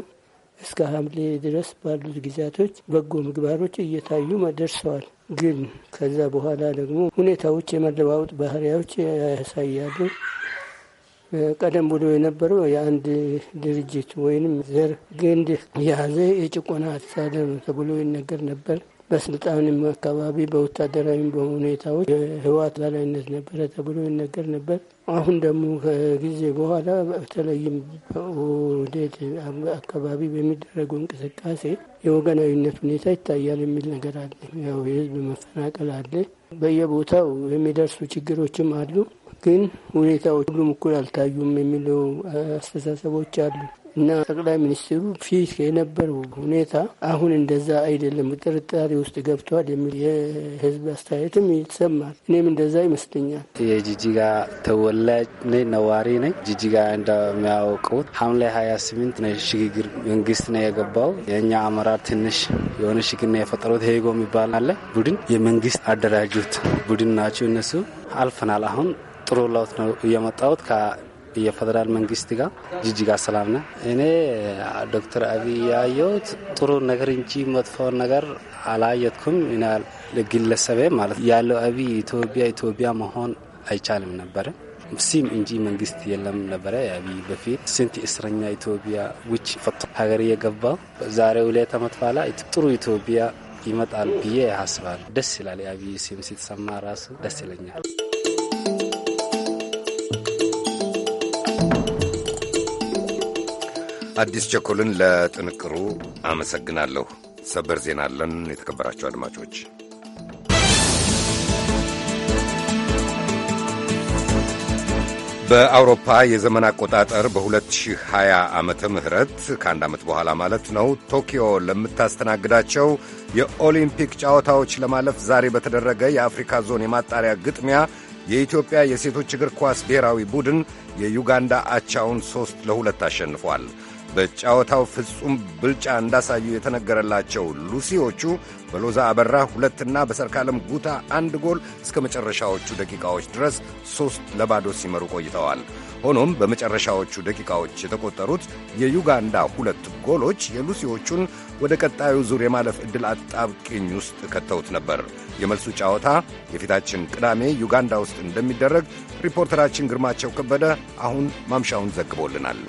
እስከ ሐምሌ ድረስ ባሉት ጊዜያቶች በጎ ምግባሮች እየታዩ ደርሰዋል። ግን ከዛ በኋላ ደግሞ ሁኔታዎች የመለዋወጥ ባህሪያዎች ያሳያሉ። ቀደም ብሎ የነበረው የአንድ ድርጅት ወይንም ዘር ግንድ የያዘ የጭቆና አስተዳደር ነው ተብሎ ይነገር ነበር። በስልጣንም አካባቢ በወታደራዊም በሁኔታዎች ህወሓት በላይነት ነበረ ተብሎ ይነገር ነበር። አሁን ደግሞ ከጊዜ በኋላ በተለይም በኦህዴድ አካባቢ በሚደረገው እንቅስቃሴ የወገናዊነት ሁኔታ ይታያል የሚል ነገር አለ። ያው የህዝብ መፈናቀል አለ። በየቦታው የሚደርሱ ችግሮችም አሉ። ግን ሁኔታዎች ሁሉም እኩል አልታዩም የሚሉ አስተሳሰቦች አሉ እና ጠቅላይ ሚኒስትሩ ፊት የነበረው ሁኔታ አሁን እንደዛ አይደለም፣ ጥርጣሬ ውስጥ ገብተዋል የሚል የህዝብ አስተያየትም ይሰማል። እኔም እንደዛ ይመስለኛል። የጂጂጋ ተወላጅ ነ ነዋሪ ነ ጂጂጋ እንደሚያውቁት ሐምሌ ሀያ ስምንት ሽግግር መንግስት ነ የገባው። የእኛ አመራር ትንሽ የሆነ ሽግግር ነው የፈጠሩት። ሄጎ የሚባል አለ ቡድን የመንግስት አደራጁት ቡድን ናቸው እነሱ አልፈናል። አሁን ጥሩ ለውጥ ነው እየመጣሁት የፌዴራል መንግስት ጋር ጅጅጋ ሰላም ነ እኔ ዶክተር አብይ ያየሁት ጥሩ ነገር እንጂ መጥፎውን ነገር አላየትኩም። ግለሰቤ ማለት ያለው አብይ ኢትዮጵያ ኢትዮጵያ መሆን አይቻልም ነበረ ሲም እንጂ መንግስት የለም ነበረ። አብይ በፊት ስንት እስረኛ ኢትዮጵያ ውጭ ፈቶ ሀገር የገባ ዛሬ ሁለት ተመትፋላ ጥሩ ኢትዮጵያ ይመጣል ብዬ ያስባል። ደስ ይላል። የአብይ ሲም ሲተሰማ ራሱ ደስ ይለኛል። አዲስ ቸኮልን ለጥንቅሩ አመሰግናለሁ። ሰበር ዜና አለን። የተከበራቸው አድማጮች በአውሮፓ የዘመን አቆጣጠር በ2020 ዓመተ ምህረት ከአንድ ዓመት በኋላ ማለት ነው ቶኪዮ ለምታስተናግዳቸው የኦሊምፒክ ጨዋታዎች ለማለፍ ዛሬ በተደረገ የአፍሪካ ዞን የማጣሪያ ግጥሚያ የኢትዮጵያ የሴቶች እግር ኳስ ብሔራዊ ቡድን የዩጋንዳ አቻውን ሦስት ለሁለት አሸንፏል። በጨዋታው ፍጹም ብልጫ እንዳሳዩ የተነገረላቸው ሉሲዎቹ በሎዛ አበራ ሁለትና በሰርካለም ጉታ አንድ ጎል እስከ መጨረሻዎቹ ደቂቃዎች ድረስ ሦስት ለባዶ ሲመሩ ቆይተዋል። ሆኖም በመጨረሻዎቹ ደቂቃዎች የተቆጠሩት የዩጋንዳ ሁለት ጎሎች የሉሲዎቹን ወደ ቀጣዩ ዙር የማለፍ ዕድል አጣብቅኝ ውስጥ ከተውት ነበር። የመልሱ ጨዋታ የፊታችን ቅዳሜ ዩጋንዳ ውስጥ እንደሚደረግ ሪፖርተራችን ግርማቸው ከበደ አሁን ማምሻውን ዘግቦልናል።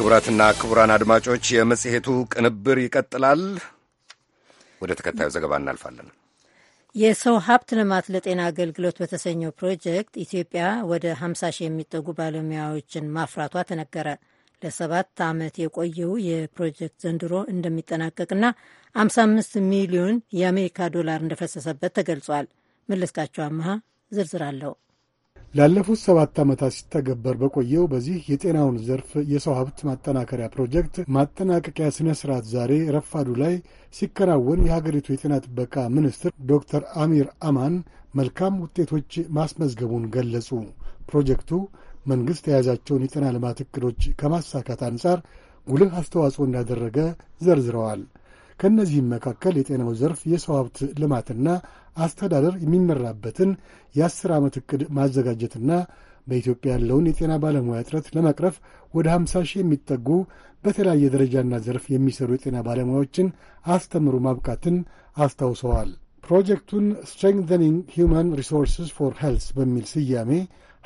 ክቡራትና ክቡራን አድማጮች የመጽሔቱ ቅንብር ይቀጥላል። ወደ ተከታዩ ዘገባ እናልፋለን። የሰው ሀብት ልማት ለጤና አገልግሎት በተሰኘው ፕሮጀክት ኢትዮጵያ ወደ 50 ሺህ የሚጠጉ ባለሙያዎችን ማፍራቷ ተነገረ። ለሰባት ዓመት የቆየው የፕሮጀክት ዘንድሮ እንደሚጠናቀቅና 55 ሚሊዮን የአሜሪካ ዶላር እንደፈሰሰበት ተገልጿል። መለስካቸው አመሃ ዝርዝር አለው። ላለፉት ሰባት ዓመታት ሲተገበር በቆየው በዚህ የጤናውን ዘርፍ የሰው ሀብት ማጠናከሪያ ፕሮጀክት ማጠናቀቂያ ሥነ ሥርዓት ዛሬ ረፋዱ ላይ ሲከናወን የሀገሪቱ የጤና ጥበቃ ሚኒስትር ዶክተር አሚር አማን መልካም ውጤቶች ማስመዝገቡን ገለጹ። ፕሮጀክቱ መንግሥት የያዛቸውን የጤና ልማት እቅዶች ከማሳካት አንጻር ጉልህ አስተዋጽኦ እንዳደረገ ዘርዝረዋል። ከእነዚህም መካከል የጤናው ዘርፍ የሰው ሀብት ልማትና አስተዳደር የሚመራበትን የአስር ዓመት ዕቅድ ማዘጋጀትና በኢትዮጵያ ያለውን የጤና ባለሙያ እጥረት ለመቅረፍ ወደ 50 ሺህ የሚጠጉ በተለያየ ደረጃና ዘርፍ የሚሰሩ የጤና ባለሙያዎችን አስተምሩ ማብቃትን አስታውሰዋል። ፕሮጀክቱን ስትሬንግዘኒንግ ሂውማን ሪሶርስስ ፎር ሄልስ በሚል ስያሜ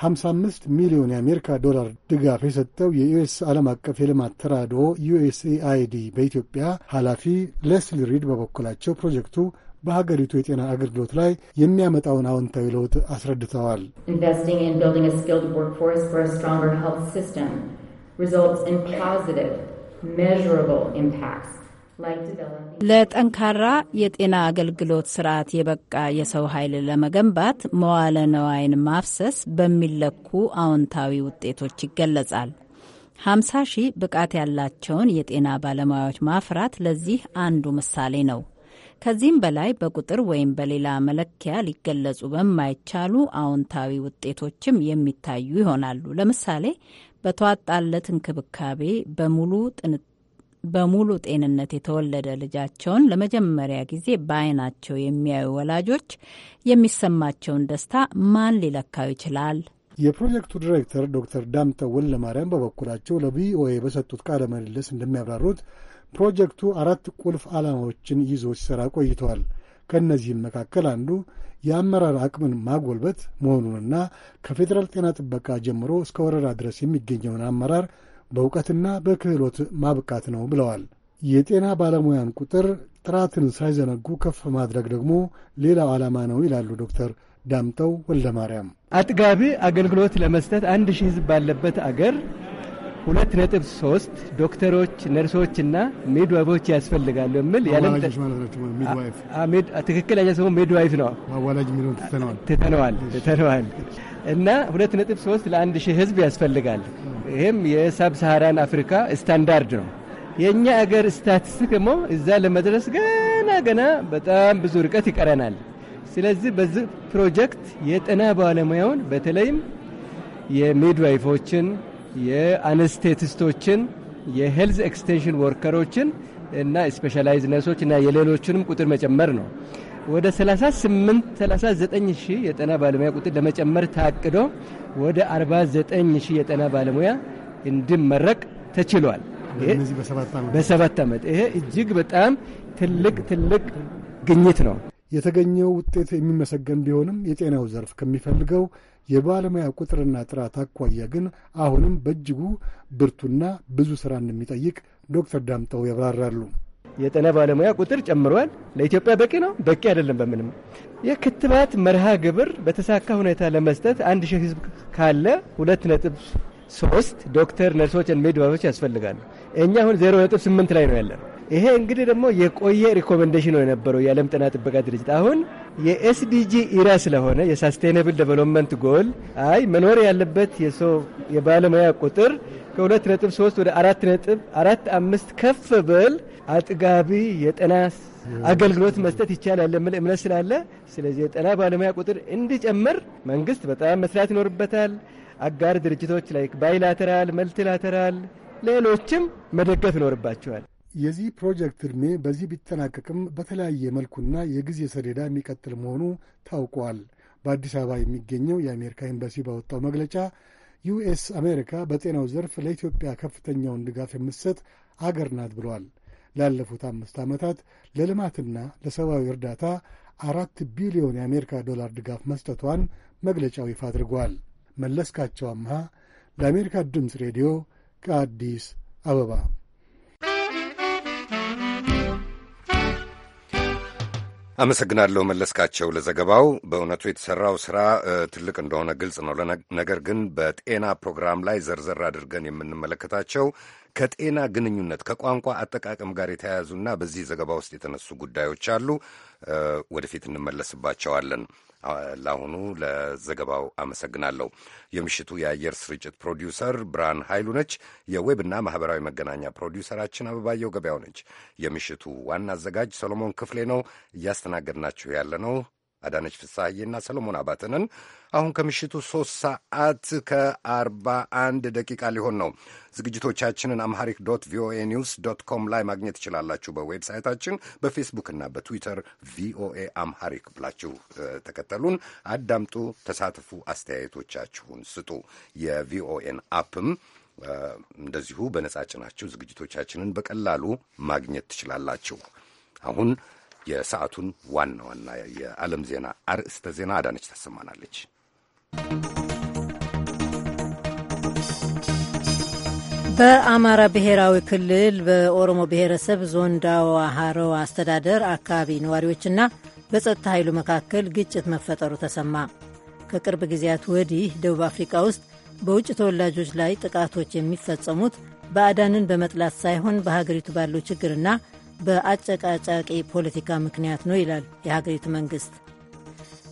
55 ሚሊዮን የአሜሪካ ዶላር ድጋፍ የሰጠው የዩኤስ ዓለም አቀፍ የልማት ተራድኦ ዩኤስኤአይዲ በኢትዮጵያ ኃላፊ ሌስሊ ሪድ በበኩላቸው ፕሮጀክቱ በሀገሪቱ የጤና አገልግሎት ላይ የሚያመጣውን አዎንታዊ ለውጥ አስረድተዋል። ለጠንካራ የጤና አገልግሎት ስርዓት የበቃ የሰው ኃይል ለመገንባት መዋለ ነዋይን ማፍሰስ በሚለኩ አዎንታዊ ውጤቶች ይገለጻል። 50 ሺህ ብቃት ያላቸውን የጤና ባለሙያዎች ማፍራት ለዚህ አንዱ ምሳሌ ነው። ከዚህም በላይ በቁጥር ወይም በሌላ መለኪያ ሊገለጹ በማይቻሉ አዎንታዊ ውጤቶችም የሚታዩ ይሆናሉ። ለምሳሌ በተዋጣለት እንክብካቤ በሙሉ በሙሉ ጤንነት የተወለደ ልጃቸውን ለመጀመሪያ ጊዜ በዓይናቸው የሚያዩ ወላጆች የሚሰማቸውን ደስታ ማን ሊለካው ይችላል? የፕሮጀክቱ ዲሬክተር ዶክተር ዳምጠው ወልደማርያም በበኩላቸው ለቪኦኤ በሰጡት ቃለ ምልልስ እንደሚያብራሩት ፕሮጀክቱ አራት ቁልፍ ዓላማዎችን ይዞ ሲሠራ ቆይተዋል። ከእነዚህም መካከል አንዱ የአመራር አቅምን ማጎልበት መሆኑንና ከፌዴራል ጤና ጥበቃ ጀምሮ እስከ ወረዳ ድረስ የሚገኘውን አመራር በእውቀትና በክህሎት ማብቃት ነው ብለዋል። የጤና ባለሙያን ቁጥር ጥራትን ሳይዘነጉ ከፍ ማድረግ ደግሞ ሌላው ዓላማ ነው ይላሉ ዶክተር ዳምጠው ወልደ ማርያም። አጥጋቢ አገልግሎት ለመስጠት አንድ ሺህ ህዝብ ባለበት አገር ሁለት ነጥብ ሶስት ዶክተሮች ነርሶችና ሚድዋይፎች ያስፈልጋሉ የሚል ትክክለኛ ስሙ ሚድዋይፍ ነው። አዋላጅ የሚለውን ትተነዋል ትተነዋል እና ሁለት ነጥብ ሶስት ለአንድ ሺህ ህዝብ ያስፈልጋል። ይህም የሳብ ሰሃራን አፍሪካ ስታንዳርድ ነው። የእኛ አገር ስታቲስቲክ ሞ እዛ ለመድረስ ገና ገና በጣም ብዙ ርቀት ይቀረናል። ስለዚህ በዚህ ፕሮጀክት የጤና ባለሙያውን በተለይም የሚድዋይፎችን የአነስቴቲስቶችን፣ የሄልዝ ኤክስቴንሽን ወርከሮችን እና ስፔሻላይዝ ነርሶች እና የሌሎችንም ቁጥር መጨመር ነው። ወደ 38 39 ሺህ የጤና ባለሙያ ቁጥር ለመጨመር ታቅዶ ወደ 49 ሺህ የጤና ባለሙያ እንዲመረቅ ተችሏል። በሰባት ዓመት ይሄ እጅግ በጣም ትልቅ ትልቅ ግኝት ነው። የተገኘው ውጤት የሚመሰገን ቢሆንም የጤናው ዘርፍ ከሚፈልገው የባለሙያ ቁጥርና ጥራት አኳያ ግን አሁንም በእጅጉ ብርቱና ብዙ ሥራ እንደሚጠይቅ ዶክተር ዳምጠው ያብራራሉ። የጤና ባለሙያ ቁጥር ጨምሯል። ለኢትዮጵያ በቂ ነው? በቂ አይደለም። በምንም የክትባት መርሃ ግብር በተሳካ ሁኔታ ለመስጠት አንድ ሺህ ህዝብ ካለ ሁለት ነጥብ ሶስት ዶክተር ነርሶች፣ ሚድዋይፎች ያስፈልጋሉ። እኛ አሁን ዜሮ ነጥብ ስምንት ላይ ነው ያለነው። ይሄ እንግዲህ ደግሞ የቆየ ሪኮሜንዴሽን ነው የነበረው የዓለም ጤና ጥበቃ ድርጅት። አሁን የኤስዲጂ ኢራ ስለሆነ የሳስቴናብል ዴቨሎፕመንት ጎል አይ መኖር ያለበት የሰው የባለሙያ ቁጥር ከ2.3 ወደ አራት አምስት ከፍ ብል አጥጋቢ የጤና አገልግሎት መስጠት ይቻላል የሚል እምነት ስላለ፣ ስለዚህ የጤና ባለሙያ ቁጥር እንዲጨምር መንግስት በጣም መስራት ይኖርበታል። አጋር ድርጅቶች ላይ ባይላተራል፣ መልቲላተራል፣ ሌሎችም መደገፍ ይኖርባቸዋል። የዚህ ፕሮጀክት ዕድሜ በዚህ ቢጠናቀቅም በተለያየ መልኩና የጊዜ ሰሌዳ የሚቀጥል መሆኑ ታውቋል። በአዲስ አበባ የሚገኘው የአሜሪካ ኤምባሲ ባወጣው መግለጫ ዩኤስ አሜሪካ በጤናው ዘርፍ ለኢትዮጵያ ከፍተኛውን ድጋፍ የምትሰጥ አገር ናት ብሏል። ላለፉት አምስት ዓመታት ለልማትና ለሰብአዊ እርዳታ አራት ቢሊዮን የአሜሪካ ዶላር ድጋፍ መስጠቷን መግለጫው ይፋ አድርጓል። መለስካቸው አምሃ ለአሜሪካ ድምፅ ሬዲዮ ከአዲስ አበባ አመሰግናለሁ መለስካቸው ለዘገባው። በእውነቱ የተሰራው ስራ ትልቅ እንደሆነ ግልጽ ነው። ነገር ግን በጤና ፕሮግራም ላይ ዘርዘር አድርገን የምንመለከታቸው ከጤና ግንኙነት ከቋንቋ አጠቃቀም ጋር የተያያዙና በዚህ ዘገባ ውስጥ የተነሱ ጉዳዮች አሉ። ወደፊት እንመለስባቸዋለን። ለአሁኑ ለዘገባው አመሰግናለሁ። የምሽቱ የአየር ስርጭት ፕሮዲውሰር ብርሃን ኃይሉ ነች። የዌብና ማህበራዊ መገናኛ ፕሮዲውሰራችን አበባየው ገበያው ነች። የምሽቱ ዋና አዘጋጅ ሰሎሞን ክፍሌ ነው። እያስተናገድናችሁ ያለ ነው አዳነች ፍሳሐዬና ሰሎሞን አባተንን አሁን ከምሽቱ ሶስት ሰዓት ከአርባ አንድ ደቂቃ ሊሆን ነው። ዝግጅቶቻችንን አምሃሪክ ዶት ቪኦኤ ኒውስ ዶት ኮም ላይ ማግኘት ትችላላችሁ። በዌብሳይታችን፣ በፌስቡክ እና በትዊተር ቪኦኤ አምሃሪክ ብላችሁ ተከተሉን፣ አዳምጡ፣ ተሳትፉ፣ አስተያየቶቻችሁን ስጡ። የቪኦኤን አፕም እንደዚሁ በነጻ ጭናችሁ ዝግጅቶቻችንን በቀላሉ ማግኘት ትችላላችሁ። አሁን የሰዓቱን ዋና ዋና የዓለም ዜና አርዕስተ ዜና አዳነች ታሰማናለች። በአማራ ብሔራዊ ክልል በኦሮሞ ብሔረሰብ ዞን ዳዋ ሀረዋ አስተዳደር አካባቢ ነዋሪዎችና በጸጥታ ኃይሉ መካከል ግጭት መፈጠሩ ተሰማ። ከቅርብ ጊዜያት ወዲህ ደቡብ አፍሪካ ውስጥ በውጭ ተወላጆች ላይ ጥቃቶች የሚፈጸሙት ባዕዳንን በመጥላት ሳይሆን በሀገሪቱ ባለው ችግርና በአጨቃጫቂ ፖለቲካ ምክንያት ነው ይላል የሀገሪቱ መንግስት።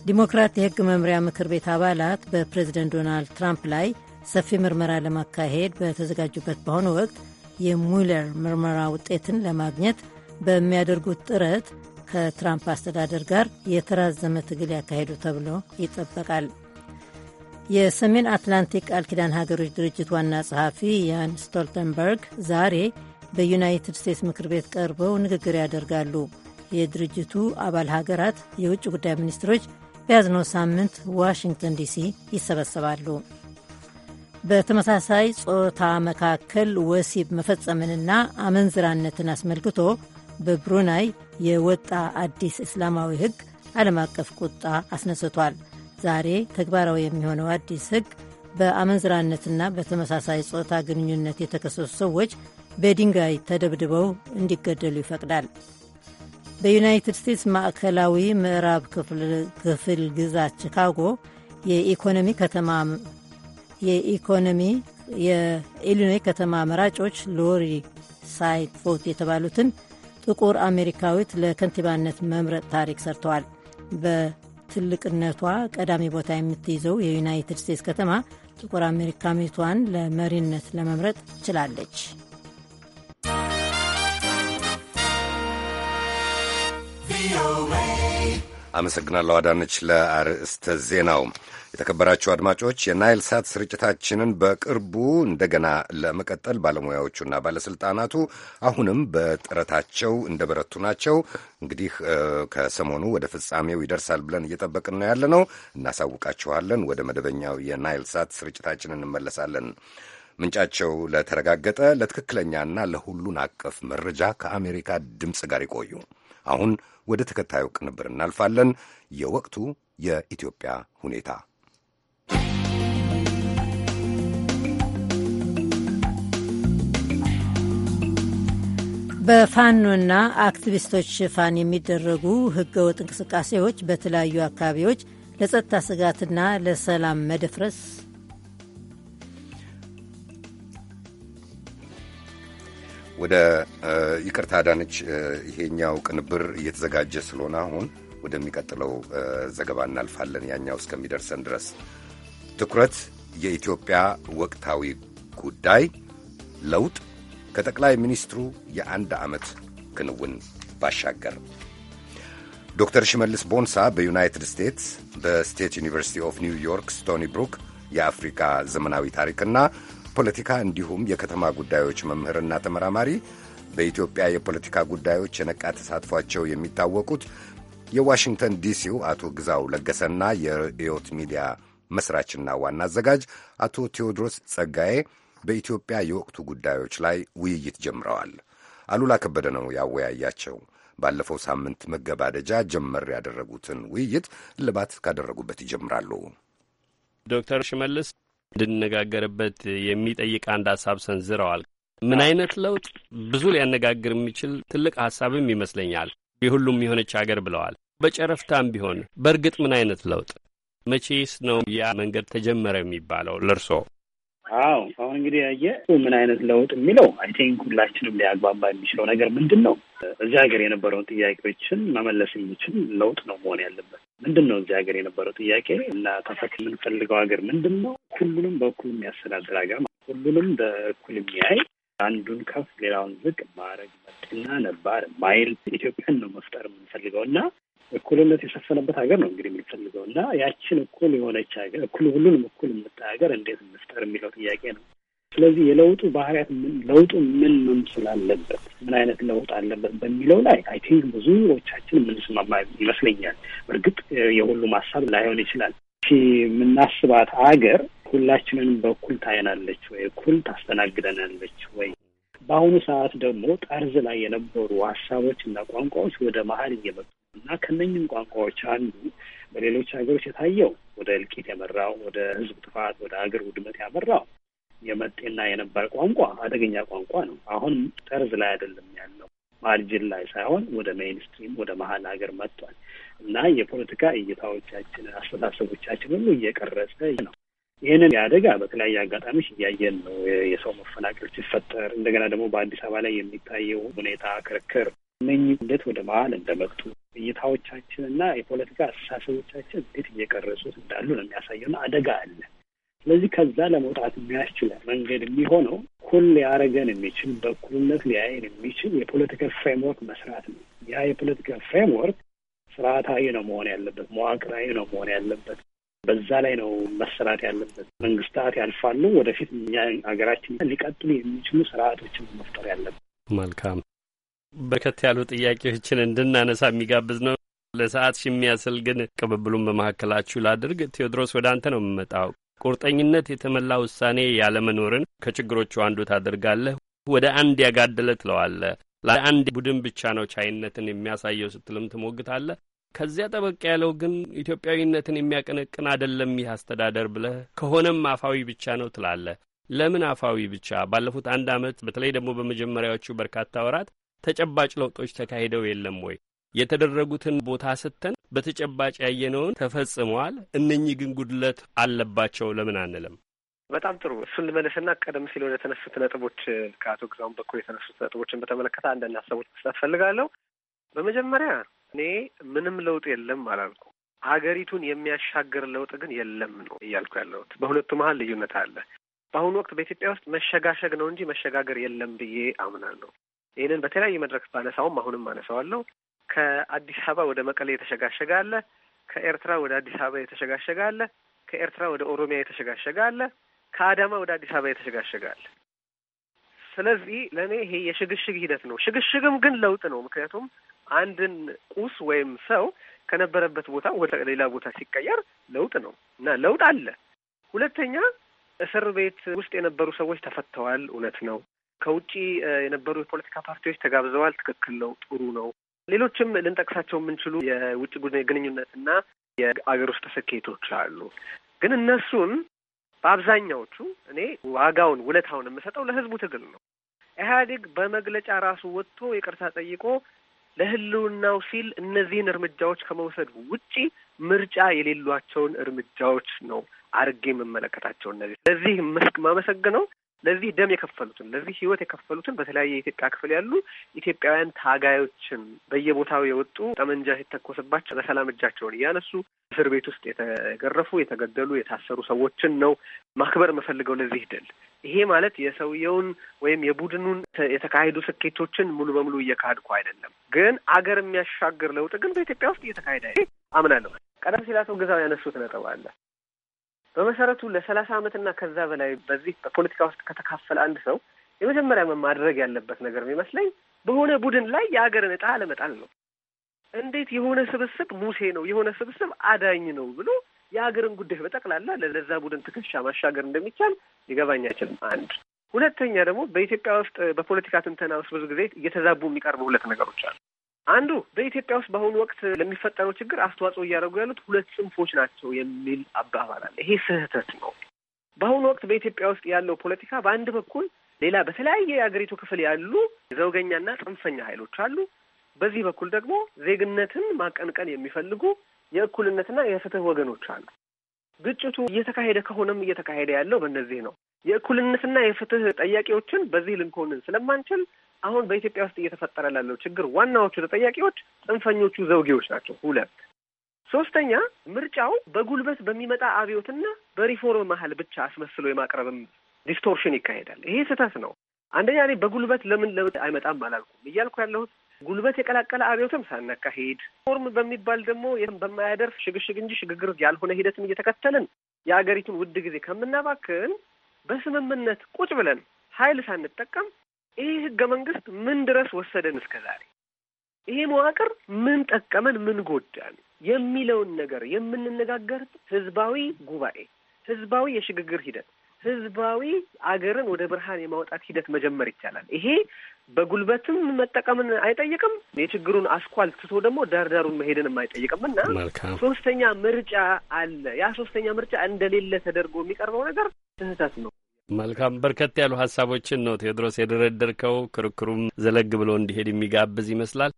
ዲሞክራት የህግ መምሪያ ምክር ቤት አባላት በፕሬዝደንት ዶናልድ ትራምፕ ላይ ሰፊ ምርመራ ለማካሄድ በተዘጋጁበት በአሁኑ ወቅት የሙለር ምርመራ ውጤትን ለማግኘት በሚያደርጉት ጥረት ከትራምፕ አስተዳደር ጋር የተራዘመ ትግል ያካሄዱ ተብሎ ይጠበቃል። የሰሜን አትላንቲክ ቃል ኪዳን ሀገሮች ድርጅት ዋና ጸሐፊ ያን ስቶልተንበርግ ዛሬ በዩናይትድ ስቴትስ ምክር ቤት ቀርበው ንግግር ያደርጋሉ። የድርጅቱ አባል ሀገራት የውጭ ጉዳይ ሚኒስትሮች በያዝነው ሳምንት ዋሽንግተን ዲሲ ይሰበሰባሉ። በተመሳሳይ ጾታ መካከል ወሲብ መፈጸምንና አመንዝራነትን አስመልክቶ በብሩናይ የወጣ አዲስ እስላማዊ ሕግ ዓለም አቀፍ ቁጣ አስነስቷል። ዛሬ ተግባራዊ የሚሆነው አዲስ ሕግ በአመንዝራነትና በተመሳሳይ ጾታ ግንኙነት የተከሰሱ ሰዎች በድንጋይ ተደብድበው እንዲገደሉ ይፈቅዳል። በዩናይትድ ስቴትስ ማዕከላዊ ምዕራብ ክፍል ግዛት ቺካጎ የኢኮኖሚ ከተማ የኢኮኖሚ የኢሊኖይ ከተማ መራጮች ሎሪ ሳይፎት የተባሉትን ጥቁር አሜሪካዊት ለከንቲባነት መምረጥ ታሪክ ሰርተዋል። በትልቅነቷ ቀዳሚ ቦታ የምትይዘው የዩናይትድ ስቴትስ ከተማ ጥቁር አሜሪካዊቷን ለመሪነት ለመምረጥ ችላለች። አመሰግናለሁ አዳነች ለአርዕስተ ዜናው። የተከበራችሁ አድማጮች የናይል ሳት ስርጭታችንን በቅርቡ እንደገና ለመቀጠል ባለሙያዎቹና ባለስልጣናቱ አሁንም በጥረታቸው በረቱ ናቸው። እንግዲህ ከሰሞኑ ወደ ፍጻሜው ይደርሳል ብለን እየጠበቅን ነው ያለ ነው። እናሳውቃችኋለን። ወደ መደበኛው የናይል ሳት ስርጭታችን እንመለሳለን። ምንጫቸው ለተረጋገጠ ለትክክለኛና ለሁሉን አቀፍ መረጃ ከአሜሪካ ድምፅ ጋር ይቆዩ። አሁን ወደ ተከታዩ ቅንብር እናልፋለን። የወቅቱ የኢትዮጵያ ሁኔታ በፋኖና አክቲቪስቶች ሽፋን የሚደረጉ ህገወጥ እንቅስቃሴዎች በተለያዩ አካባቢዎች ለጸጥታ ስጋትና ለሰላም መደፍረስ ወደ ይቅርታ አዳነች፣ ይሄኛው ቅንብር እየተዘጋጀ ስለሆነ አሁን ወደሚቀጥለው ዘገባ እናልፋለን። ያኛው እስከሚደርሰን ድረስ ትኩረት የኢትዮጵያ ወቅታዊ ጉዳይ ለውጥ ከጠቅላይ ሚኒስትሩ የአንድ ዓመት ክንውን ባሻገር ዶክተር ሽመልስ ቦንሳ በዩናይትድ ስቴትስ በስቴት ዩኒቨርሲቲ ኦፍ ኒውዮርክ ስቶኒ ብሩክ የአፍሪካ ዘመናዊ ታሪክና ፖለቲካ እንዲሁም የከተማ ጉዳዮች መምህርና ተመራማሪ በኢትዮጵያ የፖለቲካ ጉዳዮች የነቃ ተሳትፏቸው የሚታወቁት የዋሽንግተን ዲሲው አቶ ግዛው ለገሰና የርዕዮት ሚዲያ መስራችና ዋና አዘጋጅ አቶ ቴዎድሮስ ጸጋዬ በኢትዮጵያ የወቅቱ ጉዳዮች ላይ ውይይት ጀምረዋል። አሉላ ከበደ ነው ያወያያቸው። ባለፈው ሳምንት መገባደጃ ጀመር ያደረጉትን ውይይት እልባት ካደረጉበት ይጀምራሉ። ዶክተር ሽመልስ እንድንነጋገርበት የሚጠይቅ አንድ ሀሳብ ሰንዝረዋል። ምን አይነት ለውጥ ብዙ ሊያነጋግር የሚችል ትልቅ ሀሳብም ይመስለኛል። የሁሉም የሆነች አገር ብለዋል። በጨረፍታም ቢሆን በእርግጥ ምን አይነት ለውጥ መቼስ ነው ያ መንገድ ተጀመረ የሚባለው ለእርሶ? አዎ አሁን እንግዲህ ያየ ምን አይነት ለውጥ የሚለው አይ ቲንክ ሁላችንም ሊያግባባ የሚችለው ነገር ምንድን ነው? እዚህ ሀገር የነበረውን ጥያቄዎችን መመለስ የሚችል ለውጥ ነው መሆን ያለበት። ምንድን ነው እዚህ ሀገር የነበረው ጥያቄ እና ተፈክ የምንፈልገው ሀገር ምንድን ነው? ሁሉንም በእኩል የሚያስተዳድር ሀገር፣ ሁሉንም በእኩል የሚያይ አንዱን ከፍ ሌላውን ዝቅ ማድረግ መጥና ነባር ማይል ኢትዮጵያን ነው መፍጠር የምንፈልገው እና እኩልነት የሰፈነበት ሀገር ነው እንግዲህ የምንፈልገው እና ያችን እኩል የሆነች ሀገር እኩል ሁሉንም እኩል የምታ ሀገር እንዴት እንፍጠር የሚለው ጥያቄ ነው። ስለዚህ የለውጡ ባህሪያት ለውጡ ምን መምሰል አለበት፣ ምን አይነት ለውጥ አለበት በሚለው ላይ አይ ቲንክ ብዙዎቻችን የምንስማማ ይመስለኛል። እርግጥ የሁሉም ሀሳብ ላይሆን ይችላል። የምናስባት አገር ሁላችንንም በኩል ታየናለች ወይ? እኩል ታስተናግደናለች ወይ? በአሁኑ ሰዓት ደግሞ ጠርዝ ላይ የነበሩ ሀሳቦች እና ቋንቋዎች ወደ መሀል እየመጡ እና ከነኝም ቋንቋዎች አንዱ በሌሎች ሀገሮች የታየው ወደ እልቂት የመራው ወደ ህዝብ ጥፋት፣ ወደ ሀገር ውድመት ያመራው የመጤና የነባር ቋንቋ አደገኛ ቋንቋ ነው። አሁን ጠርዝ ላይ አይደለም ያለው፣ ማርጅን ላይ ሳይሆን ወደ ሜይንስትሪም ወደ መሀል ሀገር መጥቷል። እና የፖለቲካ እይታዎቻችን አስተሳሰቦቻችን ሁሉ እየቀረጸ ነው። ይህንን የአደጋ በተለያየ አጋጣሚዎች እያየን ነው። የሰው መፈናቀል ሲፈጠር እንደገና ደግሞ በአዲስ አበባ ላይ የሚታየው ሁኔታ ክርክር፣ እነኚህ እንዴት ወደ መሀል እንደመጡ እይታዎቻችን እና የፖለቲካ አስተሳሰቦቻችን እንዴት እየቀረጹት እንዳሉ ነው የሚያሳየውና አደጋ አለ። ስለዚህ ከዛ ለመውጣት የሚያስችለ መንገድ የሚሆነው ሁል ሊያረገን የሚችል በኩልነት ሊያየን የሚችል የፖለቲካ ፍሬምወርክ መስራት ነው። ያ የፖለቲካ ፍሬምወርክ ስርዓታዊ ነው መሆን ያለበት፣ መዋቅራዊ ነው መሆን ያለበት። በዛ ላይ ነው መሰራት ያለበት። መንግስታት ያልፋሉ። ወደፊት እኛ ሀገራችን ሊቀጥሉ የሚችሉ ስርዓቶችን መፍጠር ያለበት። መልካም በርከት ያሉ ጥያቄዎችን እንድናነሳ የሚጋብዝ ነው። ለሰዓት ሽሚያስል ግን ቅብብሉን በመካከላችሁ ላድርግ። ቴዎድሮስ ወደ አንተ ነው የምመጣው። ቁርጠኝነት የተመላ ውሳኔ ያለመኖርን ከችግሮቹ አንዱ ታደርጋለህ፣ ወደ አንድ ያጋደለ ትለዋለህ። ለአንድ ቡድን ብቻ ነው ቻይነትን የሚያሳየው ስትልም ትሞግታለህ። ከዚያ ጠበቅ ያለው ግን ኢትዮጵያዊነትን የሚያቀነቅን አደለም ይህ አስተዳደር ብለህ ከሆነም አፋዊ ብቻ ነው ትላለህ። ለምን አፋዊ ብቻ? ባለፉት አንድ ዓመት በተለይ ደግሞ በመጀመሪያዎቹ በርካታ ወራት ተጨባጭ ለውጦች ተካሂደው የለም ወይ? የተደረጉትን ቦታ ስተን በተጨባጭ ያየነውን ተፈጽመዋል። እነኚህ ግን ጉድለት አለባቸው ለምን አንልም? በጣም ጥሩ። እሱን ልመለስና ቀደም ሲል ወደ ተነሱት ነጥቦች ከአቶ ግዛውን በኩል የተነሱት ነጥቦችን በተመለከተ አንዳንድ ሀሳቦች መስጠት ፈልጋለሁ። በመጀመሪያ እኔ ምንም ለውጥ የለም አላልኩ። ሀገሪቱን የሚያሻግር ለውጥ ግን የለም ነው እያልኩ ያለሁት። በሁለቱ መሀል ልዩነት አለ። በአሁኑ ወቅት በኢትዮጵያ ውስጥ መሸጋሸግ ነው እንጂ መሸጋገር የለም ብዬ አምናለሁ። ይህንን በተለያየ መድረክ ባነሳውም አሁንም አነሳዋለሁ። ከአዲስ አበባ ወደ መቀሌ የተሸጋሸገ አለ። ከኤርትራ ወደ አዲስ አበባ የተሸጋሸገ አለ። ከኤርትራ ወደ ኦሮሚያ የተሸጋሸገ አለ። ከአዳማ ወደ አዲስ አበባ የተሸጋሸጋል። ስለዚህ ለእኔ ይሄ የሽግሽግ ሂደት ነው። ሽግሽግም ግን ለውጥ ነው። ምክንያቱም አንድን ቁስ ወይም ሰው ከነበረበት ቦታ ወደ ሌላ ቦታ ሲቀየር ለውጥ ነው እና ለውጥ አለ። ሁለተኛ እስር ቤት ውስጥ የነበሩ ሰዎች ተፈተዋል። እውነት ነው። ከውጪ የነበሩ የፖለቲካ ፓርቲዎች ተጋብዘዋል። ትክክል ነው። ጥሩ ነው። ሌሎችም ልንጠቅሳቸው የምንችሉ የውጭ ግንኙነትና የአገር ውስጥ ስኬቶች አሉ። ግን እነሱን በአብዛኛዎቹ እኔ ዋጋውን ውለታውን የምሰጠው ለህዝቡ ትግል ነው። ኢህአዴግ በመግለጫ ራሱ ወጥቶ ይቅርታ ጠይቆ ለህልውናው ሲል እነዚህን እርምጃዎች ከመውሰድ ውጪ ምርጫ የሌሏቸውን እርምጃዎች ነው አድርጌ የምመለከታቸው እነዚህ። ስለዚህ ማመሰግነው ለዚህ ደም የከፈሉትን ለዚህ ህይወት የከፈሉትን በተለያየ የኢትዮጵያ ክፍል ያሉ ኢትዮጵያውያን ታጋዮችን በየቦታው የወጡ ጠመንጃ ሲተኮስባቸው በሰላም እጃቸውን እያነሱ እስር ቤት ውስጥ የተገረፉ፣ የተገደሉ፣ የታሰሩ ሰዎችን ነው ማክበር የምፈልገው ለዚህ ድል። ይሄ ማለት የሰውየውን ወይም የቡድኑን የተካሄዱ ስኬቶችን ሙሉ በሙሉ እየካድኩ አይደለም፣ ግን አገር የሚያሻግር ለውጥ ግን በኢትዮጵያ ውስጥ እየተካሄደ አምናለሁ። ቀደም ሲል አቶ ግዛው ያነሱት ነጥብ አለ። በመሰረቱ ለሰላሳ ዓመትና ከዛ በላይ በዚህ በፖለቲካ ውስጥ ከተካፈለ አንድ ሰው የመጀመሪያ ማድረግ ያለበት ነገር የሚመስለኝ በሆነ ቡድን ላይ የሀገርን እጣ አለመጣል ነው። እንዴት የሆነ ስብስብ ሙሴ ነው የሆነ ስብስብ አዳኝ ነው ብሎ የሀገርን ጉዳይ በጠቅላላ ለዛ ቡድን ትከሻ ማሻገር እንደሚቻል ሊገባኝ አይችልም። አንድ ሁለተኛ ደግሞ በኢትዮጵያ ውስጥ በፖለቲካ ትንተና ውስጥ ብዙ ጊዜ እየተዛቡ የሚቀርቡ ሁለት ነገሮች አሉ። አንዱ በኢትዮጵያ ውስጥ በአሁኑ ወቅት ለሚፈጠረው ችግር አስተዋጽኦ እያደረጉ ያሉት ሁለት ጽንፎች ናቸው የሚል አባባል አለ። ይሄ ስህተት ነው። በአሁኑ ወቅት በኢትዮጵያ ውስጥ ያለው ፖለቲካ በአንድ በኩል ሌላ በተለያየ የአገሪቱ ክፍል ያሉ ዘውገኛና ጽንፈኛ ኃይሎች አሉ። በዚህ በኩል ደግሞ ዜግነትን ማቀንቀን የሚፈልጉ የእኩልነትና የፍትህ ወገኖች አሉ። ግጭቱ እየተካሄደ ከሆነም እየተካሄደ ያለው በእነዚህ ነው። የእኩልነትና የፍትህ ጠያቂዎችን በዚህ ልንኮንን ስለማንችል አሁን በኢትዮጵያ ውስጥ እየተፈጠረ ላለው ችግር ዋናዎቹ ተጠያቂዎች ጽንፈኞቹ ዘውጌዎች ናቸው። ሁለት ሶስተኛ ምርጫው በጉልበት በሚመጣ አብዮትና በሪፎርም መሀል ብቻ አስመስሎ የማቅረብም ዲስቶርሽን ይካሄዳል። ይሄ ስህተት ነው። አንደኛ እኔ በጉልበት ለምን ለምን አይመጣም አላልኩም። እያልኩ ያለሁት ጉልበት የቀላቀለ አብዮትም ሳናካሄድ ሪፎርም በሚባል ደግሞ በማያደርስ ሽግሽግ እንጂ ሽግግር ያልሆነ ሂደትን እየተከተልን የአገሪቱን ውድ ጊዜ ከምናባክን በስምምነት ቁጭ ብለን ኃይል ሳንጠቀም ይህ ህገ መንግስት ምን ድረስ ወሰደን እስከ ዛሬ? ይሄ መዋቅር ምን ጠቀመን፣ ምን ጎዳን የሚለውን ነገር የምንነጋገር ህዝባዊ ጉባኤ፣ ህዝባዊ የሽግግር ሂደት፣ ህዝባዊ አገርን ወደ ብርሃን የማውጣት ሂደት መጀመር ይቻላል። ይሄ በጉልበትም መጠቀምን አይጠይቅም። የችግሩን አስኳል ትቶ ደግሞ ዳርዳሩን መሄድንም አይጠይቅም እና ሶስተኛ ምርጫ አለ። ያ ሶስተኛ ምርጫ እንደሌለ ተደርጎ የሚቀርበው ነገር ስህተት ነው። መልካም በርከት ያሉ ሀሳቦችን ነው ቴዎድሮስ የደረደርከው። ክርክሩም ዘለግ ብሎ እንዲሄድ የሚጋብዝ ይመስላል።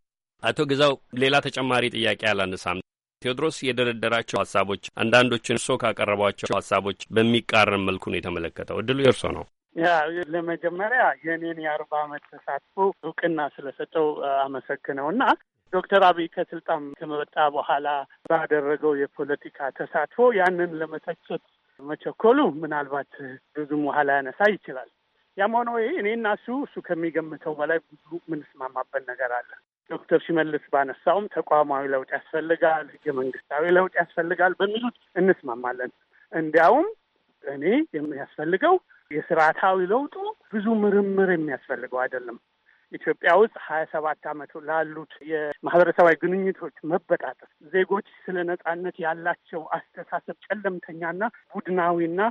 አቶ ግዛው ሌላ ተጨማሪ ጥያቄ አላነሳም። ቴዎድሮስ የደረደራቸው ሀሳቦች አንዳንዶችን እርሶ ካቀረቧቸው ሀሳቦች በሚቃረን መልኩ ነው የተመለከተው። እድሉ የእርሶ ነው። ያው ለመጀመሪያ የእኔን የአርባ ዓመት ተሳትፎ እውቅና ስለሰጠው አመሰግነው እና ዶክተር አብይ ከስልጣን ከመጣ በኋላ ባደረገው የፖለቲካ ተሳትፎ ያንን ለመተቸት መቸኮሉ ምናልባት ብዙም ውሃ ላያነሳ ይችላል። ያም ወይ እኔ እና እሱ እሱ ከሚገምተው በላይ ብዙ የምንስማማበት ነገር አለ። ዶክተር ሽመልስ ባነሳውም ተቋማዊ ለውጥ ያስፈልጋል፣ ህገ መንግስታዊ ለውጥ ያስፈልጋል በሚሉት እንስማማለን። እንዲያውም እኔ የሚያስፈልገው የስርዓታዊ ለውጡ ብዙ ምርምር የሚያስፈልገው አይደለም። ኢትዮጵያ ውስጥ ሀያ ሰባት አመት ላሉት የማህበረሰባዊ ግንኙቶች መበጣጠስ ዜጎች ስለ ነጻነት ያላቸው አስተሳሰብ ጨለምተኛና ቡድናዊና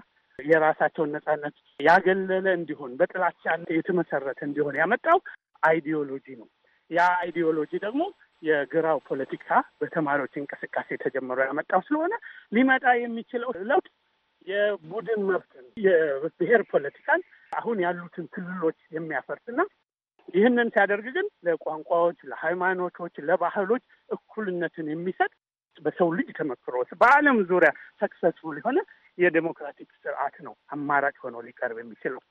የራሳቸውን ነጻነት ያገለለ እንዲሆን በጥላቻ የተመሰረተ እንዲሆን ያመጣው አይዲዮሎጂ ነው። ያ አይዲዮሎጂ ደግሞ የግራው ፖለቲካ በተማሪዎች እንቅስቃሴ ተጀምሮ ያመጣው ስለሆነ ሊመጣ የሚችለው ለውጥ የቡድን መብትን፣ የብሔር ፖለቲካን አሁን ያሉትን ክልሎች የሚያፈርስና ይህንን ሲያደርግ ግን ለቋንቋዎች፣ ለሃይማኖቶች፣ ለባህሎች እኩልነትን የሚሰጥ በሰው ልጅ ተመክሮ በዓለም ዙሪያ ሰክሰስፉል የሆነ የዴሞክራቲክ ስርዓት ነው አማራጭ ሆኖ ሊቀርብ የሚችለው።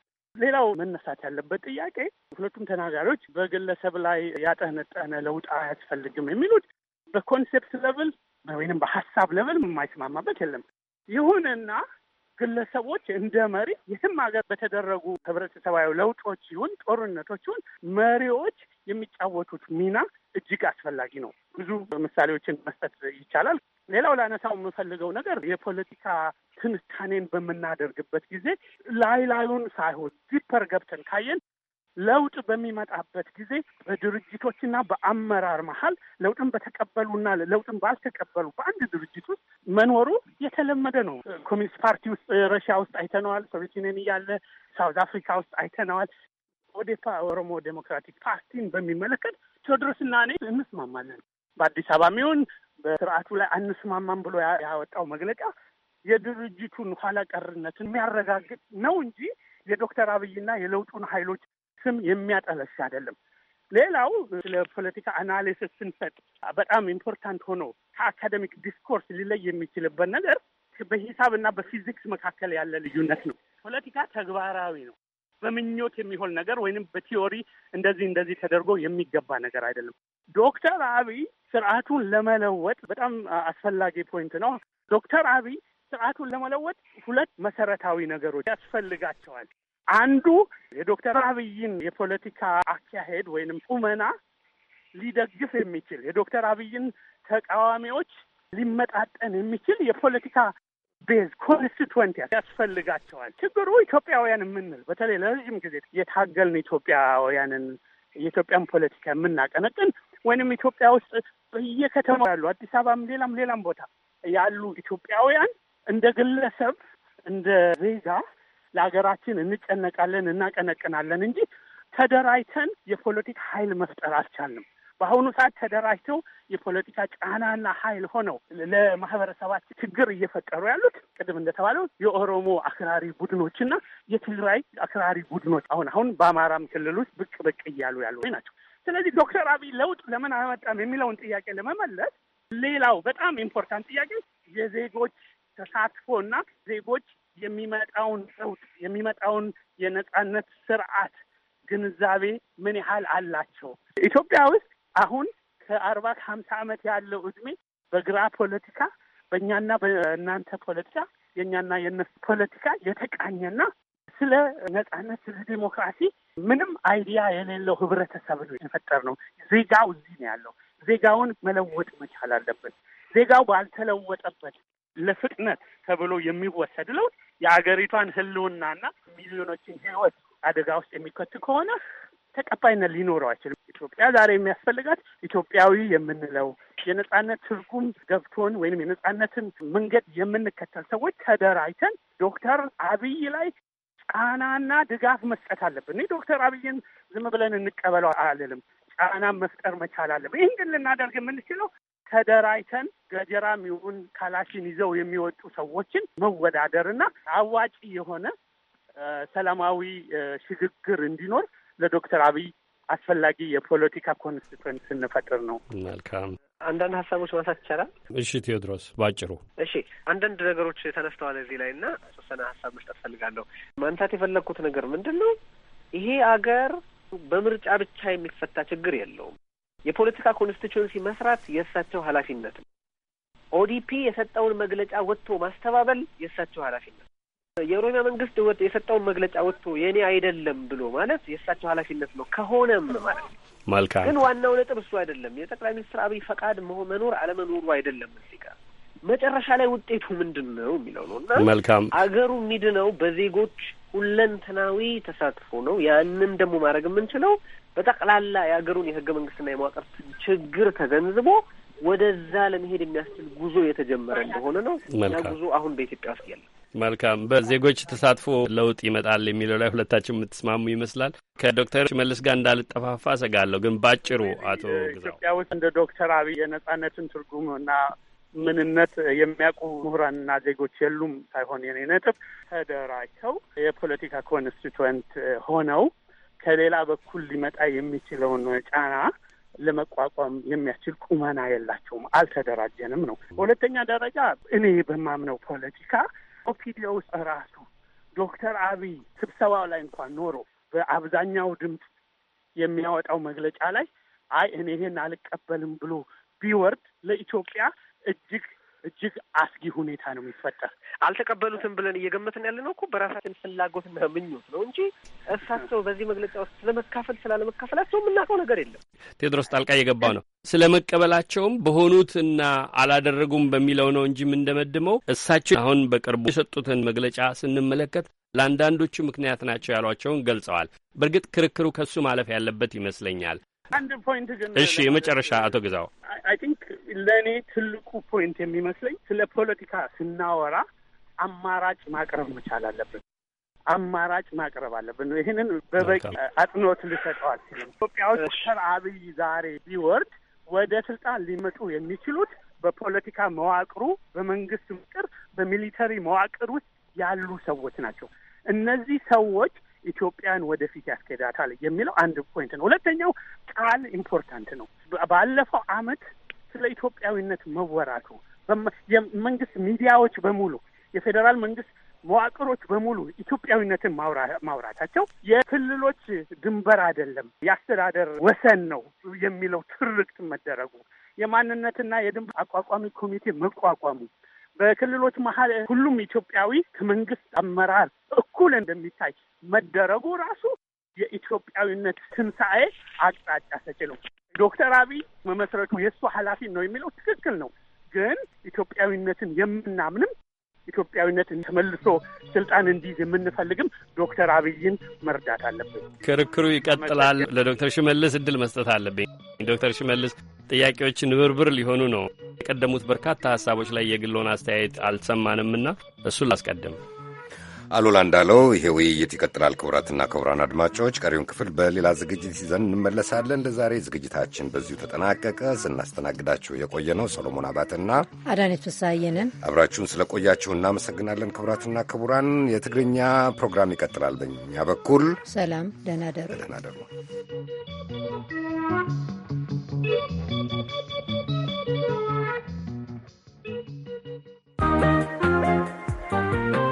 ሌላው መነሳት ያለበት ጥያቄ ሁለቱም ተናጋሪዎች በግለሰብ ላይ ያጠነጠነ ለውጥ አያስፈልግም የሚሉት በኮንሴፕት ሌቭል ወይም በሀሳብ ሌቭል የማይስማማበት የለም። ይሁንና ግለሰቦች እንደ መሪ የትም ሀገር በተደረጉ ህብረተሰባዊ ለውጦች ይሁን ጦርነቶች ይሁን መሪዎች የሚጫወቱት ሚና እጅግ አስፈላጊ ነው። ብዙ ምሳሌዎችን መስጠት ይቻላል። ሌላው ላነሳው የምፈልገው ነገር የፖለቲካ ትንታኔን በምናደርግበት ጊዜ ላይ ላዩን ሳይሆን ዲፐር ገብተን ካየን ለውጥ በሚመጣበት ጊዜ በድርጅቶችና በአመራር መሀል ለውጥን በተቀበሉና ለውጥን ባልተቀበሉ በአንድ ድርጅት ውስጥ መኖሩ የተለመደ ነው። ኮሚኒስት ፓርቲ ውስጥ ረሽያ ውስጥ አይተነዋል። ሶቪየት ዩኒየን እያለ ሳውዝ አፍሪካ ውስጥ አይተነዋል። ኦዴፓ ኦሮሞ ዴሞክራቲክ ፓርቲን በሚመለከት ቴዎድሮስና እኔ እንስማማለን፣ በአዲስ አበባ የሚሆን በስርዓቱ ላይ አንስማማም ብሎ ያወጣው መግለጫ የድርጅቱን ኋላ ቀርነትን የሚያረጋግጥ ነው እንጂ የዶክተር አብይና የለውጡን ኃይሎች ስም የሚያጠለሽ አይደለም። ሌላው ስለ ፖለቲካ አናሊሲስ ስንሰጥ በጣም ኢምፖርታንት ሆኖ ከአካደሚክ ዲስኮርስ ሊለይ የሚችልበት ነገር በሂሳብ እና በፊዚክስ መካከል ያለ ልዩነት ነው። ፖለቲካ ተግባራዊ ነው። በምኞት የሚሆን ነገር ወይንም በቲዮሪ እንደዚህ እንደዚህ ተደርጎ የሚገባ ነገር አይደለም። ዶክተር አብይ ስርዓቱን ለመለወጥ በጣም አስፈላጊ ፖይንት ነው። ዶክተር አብይ ስርዓቱን ለመለወጥ ሁለት መሰረታዊ ነገሮች ያስፈልጋቸዋል። አንዱ የዶክተር አብይን የፖለቲካ አካሄድ ወይንም ቁመና ሊደግፍ የሚችል የዶክተር አብይን ተቃዋሚዎች ሊመጣጠን የሚችል የፖለቲካ ቤዝ ኮንስቲትዌንት ያስፈልጋቸዋል። ችግሩ ኢትዮጵያውያን የምንል በተለይ ለረዥም ጊዜ የታገልን ኢትዮጵያውያንን የኢትዮጵያን ፖለቲካ የምናቀነቅን ወይንም ኢትዮጵያ ውስጥ በየከተማው ያሉ አዲስ አበባም፣ ሌላም ሌላም ቦታ ያሉ ኢትዮጵያውያን እንደ ግለሰብ እንደ ዜጋ ለሀገራችን እንጨነቃለን፣ እናቀነቅናለን እንጂ ተደራጅተን የፖለቲካ ኃይል መፍጠር አልቻልንም። በአሁኑ ሰዓት ተደራጅተው የፖለቲካ ጫናና ኃይል ሆነው ለማህበረሰባችን ችግር እየፈጠሩ ያሉት ቅድም እንደተባለው የኦሮሞ አክራሪ ቡድኖችና የትግራይ አክራሪ ቡድኖች አሁን አሁን በአማራም ክልል ውስጥ ብቅ ብቅ እያሉ ያሉ ናቸው። ስለዚህ ዶክተር አብይ ለውጥ ለምን አመጣም የሚለውን ጥያቄ ለመመለስ ሌላው በጣም ኢምፖርታንት ጥያቄ የዜጎች ተሳትፎ እና ዜጎች የሚመጣውን ለውጥ የሚመጣውን የነጻነት ስርዓት ግንዛቤ ምን ያህል አላቸው? ኢትዮጵያ ውስጥ አሁን ከአርባ ከሀምሳ ዓመት ያለው እድሜ በግራ ፖለቲካ በእኛና በእናንተ ፖለቲካ የእኛና የእነሱ ፖለቲካ የተቃኘና ስለ ነጻነት ስለ ዲሞክራሲ ምንም አይዲያ የሌለው ህብረተሰብ ነው የፈጠር ነው። ዜጋው እዚህ ነው ያለው። ዜጋውን መለወጥ መቻል አለበት። ዜጋው ባልተለወጠበት ለፍጥነት ተብሎ የሚወሰድ ለውጥ የአገሪቷን ህልውናና ሚሊዮኖችን ህይወት አደጋ ውስጥ የሚከት ከሆነ ተቀባይነት ሊኖረው አይችልም። ኢትዮጵያ ዛሬ የሚያስፈልጋት ኢትዮጵያዊ የምንለው የነጻነት ትርጉም ገብቶን ወይም የነጻነትን መንገድ የምንከተል ሰዎች ተደራጅተን ዶክተር አብይ ላይ ጫናና ድጋፍ መስጠት አለብን። እኔ ዶክተር አብይን ዝም ብለን እንቀበለው አልልም። ጫና መፍጠር መቻል አለብን። ይህን ግን ልናደርግ የምንችለው ተደራጅተን ገጀራም ይሁን ካላሽን ይዘው የሚወጡ ሰዎችን መወዳደርና አዋጭ የሆነ ሰላማዊ ሽግግር እንዲኖር ለዶክተር አብይ አስፈላጊ የፖለቲካ ኮንስቲትዌንት ስንፈጥር ነው። መልካም አንዳንድ ሀሳቦች ማንሳት ይቻላል። እሺ ቴዎድሮስ ባጭሩ። እሺ አንዳንድ ነገሮች ተነስተዋል እዚህ ላይ እና የተወሰነ ሀሳብ መስጠት ፈልጋለሁ። ማንሳት የፈለግኩት ነገር ምንድን ነው? ይሄ አገር በምርጫ ብቻ የሚፈታ ችግር የለውም። የፖለቲካ ኮንስቲቱንሲ መስራት የእሳቸው ኃላፊነት ነው። ኦዲፒ የሰጠውን መግለጫ ወጥቶ ማስተባበል የእሳቸው ኃላፊነት ነው። የኦሮሚያ መንግስት የሰጠውን መግለጫ ወጥቶ የእኔ አይደለም ብሎ ማለት የእሳቸው ኃላፊነት ነው ከሆነም ማለት ነው። መልካም ግን ዋናው ነጥብ እሱ አይደለም። የጠቅላይ ሚኒስትር አብይ ፈቃድ መኖር አለመኖሩ አይደለም እዚህ ጋር መጨረሻ ላይ ውጤቱ ምንድን ነው የሚለው ነው እና መልካም አገሩ የሚድነው በዜጎች ሁለንተናዊ ተሳትፎ ነው። ያንን ደግሞ ማድረግ የምንችለው በጠቅላላ የሀገሩን የህገ መንግስትና የመዋቅር ችግር ተገንዝቦ ወደዛ ለመሄድ የሚያስችል ጉዞ የተጀመረ እንደሆነ ነው። ያ ጉዞ አሁን በኢትዮጵያ ውስጥ ያለ መልካም በዜጎች ተሳትፎ ለውጥ ይመጣል የሚለው ላይ ሁለታችን የምትስማሙ ይመስላል። ከዶክተር ሽመልስ ጋር እንዳልጠፋፋ ሰጋለሁ፣ ግን ባጭሩ አቶ ኢትዮጵያ ውስጥ እንደ ዶክተር አብይ የነጻነትን ትርጉም እና ምንነት የሚያውቁ ምሁራንና ዜጎች የሉም ሳይሆን የኔ ነጥብ ተደራጅተው የፖለቲካ ኮንስቲቱዌንት ሆነው ከሌላ በኩል ሊመጣ የሚችለውን ጫና ለመቋቋም የሚያስችል ቁመና የላቸውም። አልተደራጀንም ነው። በሁለተኛ ደረጃ እኔ በማምነው ፖለቲካ ኦፒዲዮ ውስጥ ራሱ ዶክተር አብይ ስብሰባው ላይ እንኳን ኖሮ በአብዛኛው ድምፅ የሚያወጣው መግለጫ ላይ አይ እኔ ይሄን አልቀበልም ብሎ ቢወርድ ለኢትዮጵያ እጅግ እጅግ አስጊ ሁኔታ ነው የሚፈጠር። አልተቀበሉትም ብለን እየገመትን ያለ ነው እኮ በራሳችን ፍላጎትና ምኞት ነው እንጂ እሳቸው በዚህ መግለጫ ውስጥ ስለመካፈል ስላለመካፈላቸው የምናውቀው ነገር የለም። ቴዎድሮስ ጣልቃ እየገባ ነው። ስለ መቀበላቸውም በሆኑትና አላደረጉም በሚለው ነው እንጂ የምንደመድመው እሳቸው አሁን በቅርቡ የሰጡትን መግለጫ ስንመለከት ለአንዳንዶቹ ምክንያት ናቸው ያሏቸውን ገልጸዋል። በእርግጥ ክርክሩ ከሱ ማለፍ ያለበት ይመስለኛል። እሺ፣ የመጨረሻ አቶ ግዛው ለእኔ ትልቁ ፖይንት የሚመስለኝ ስለ ፖለቲካ ስናወራ አማራጭ ማቅረብ መቻል አለብን። አማራጭ ማቅረብ አለብን። ይህንን በበቂ አጽንኦት ልሰጠዋል። ኢትዮጵያ ውስጥ ዶክተር አብይ ዛሬ ቢወርድ ወደ ስልጣን ሊመጡ የሚችሉት በፖለቲካ መዋቅሩ፣ በመንግስት ምቅር፣ በሚሊተሪ መዋቅር ውስጥ ያሉ ሰዎች ናቸው። እነዚህ ሰዎች ኢትዮጵያን ወደፊት ያስኬዳታል የሚለው አንድ ፖይንት ነው። ሁለተኛው ቃል ኢምፖርታንት ነው። ባለፈው አመት ስለ ኢትዮጵያዊነት መወራቱ የመንግስት ሚዲያዎች በሙሉ የፌዴራል መንግስት መዋቅሮች በሙሉ ኢትዮጵያዊነትን ማውራታቸው የክልሎች ድንበር አይደለም የአስተዳደር ወሰን ነው የሚለው ትርክት መደረጉ፣ የማንነትና የድንበር አቋቋሚ ኮሚቴ መቋቋሙ፣ በክልሎች መሀል ሁሉም ኢትዮጵያዊ ከመንግስት አመራር እኩል እንደሚታይ መደረጉ ራሱ የኢትዮጵያዊነት ትንሣኤ አቅጣጫ ሰጪ ነው። ዶክተር አብይ መመስረቱ የእሱ ኃላፊ ነው የሚለው ትክክል ነው። ግን ኢትዮጵያዊነትን የምናምንም ኢትዮጵያዊነትን ተመልሶ ስልጣን እንዲይዝ የምንፈልግም ዶክተር አብይን መርዳት አለብን። ክርክሩ ይቀጥላል። ለዶክተር ሽመልስ እድል መስጠት አለብኝ። ዶክተር ሽመልስ ጥያቄዎች ንብርብር ሊሆኑ ነው። የቀደሙት በርካታ ሀሳቦች ላይ የግሎን አስተያየት አልሰማንምና እሱን ላስቀድም። አሉላ እንዳለው ይሄ ውይይት ይቀጥላል። ክቡራትና ክቡራን አድማጮች ቀሪውን ክፍል በሌላ ዝግጅት ይዘን እንመለሳለን። ለዛሬ ዝግጅታችን በዚሁ ተጠናቀቀ። ስናስተናግዳችሁ የቆየ ነው ሰሎሞን አባትና አዳነች ፍስሐየንን። አብራችሁን ስለቆያችሁ እናመሰግናለን። ክቡራትና ክቡራን የትግርኛ ፕሮግራም ይቀጥላል። በኛ በኩል ሰላም፣ ደህና ደሩ፣ ደህና ደሩ።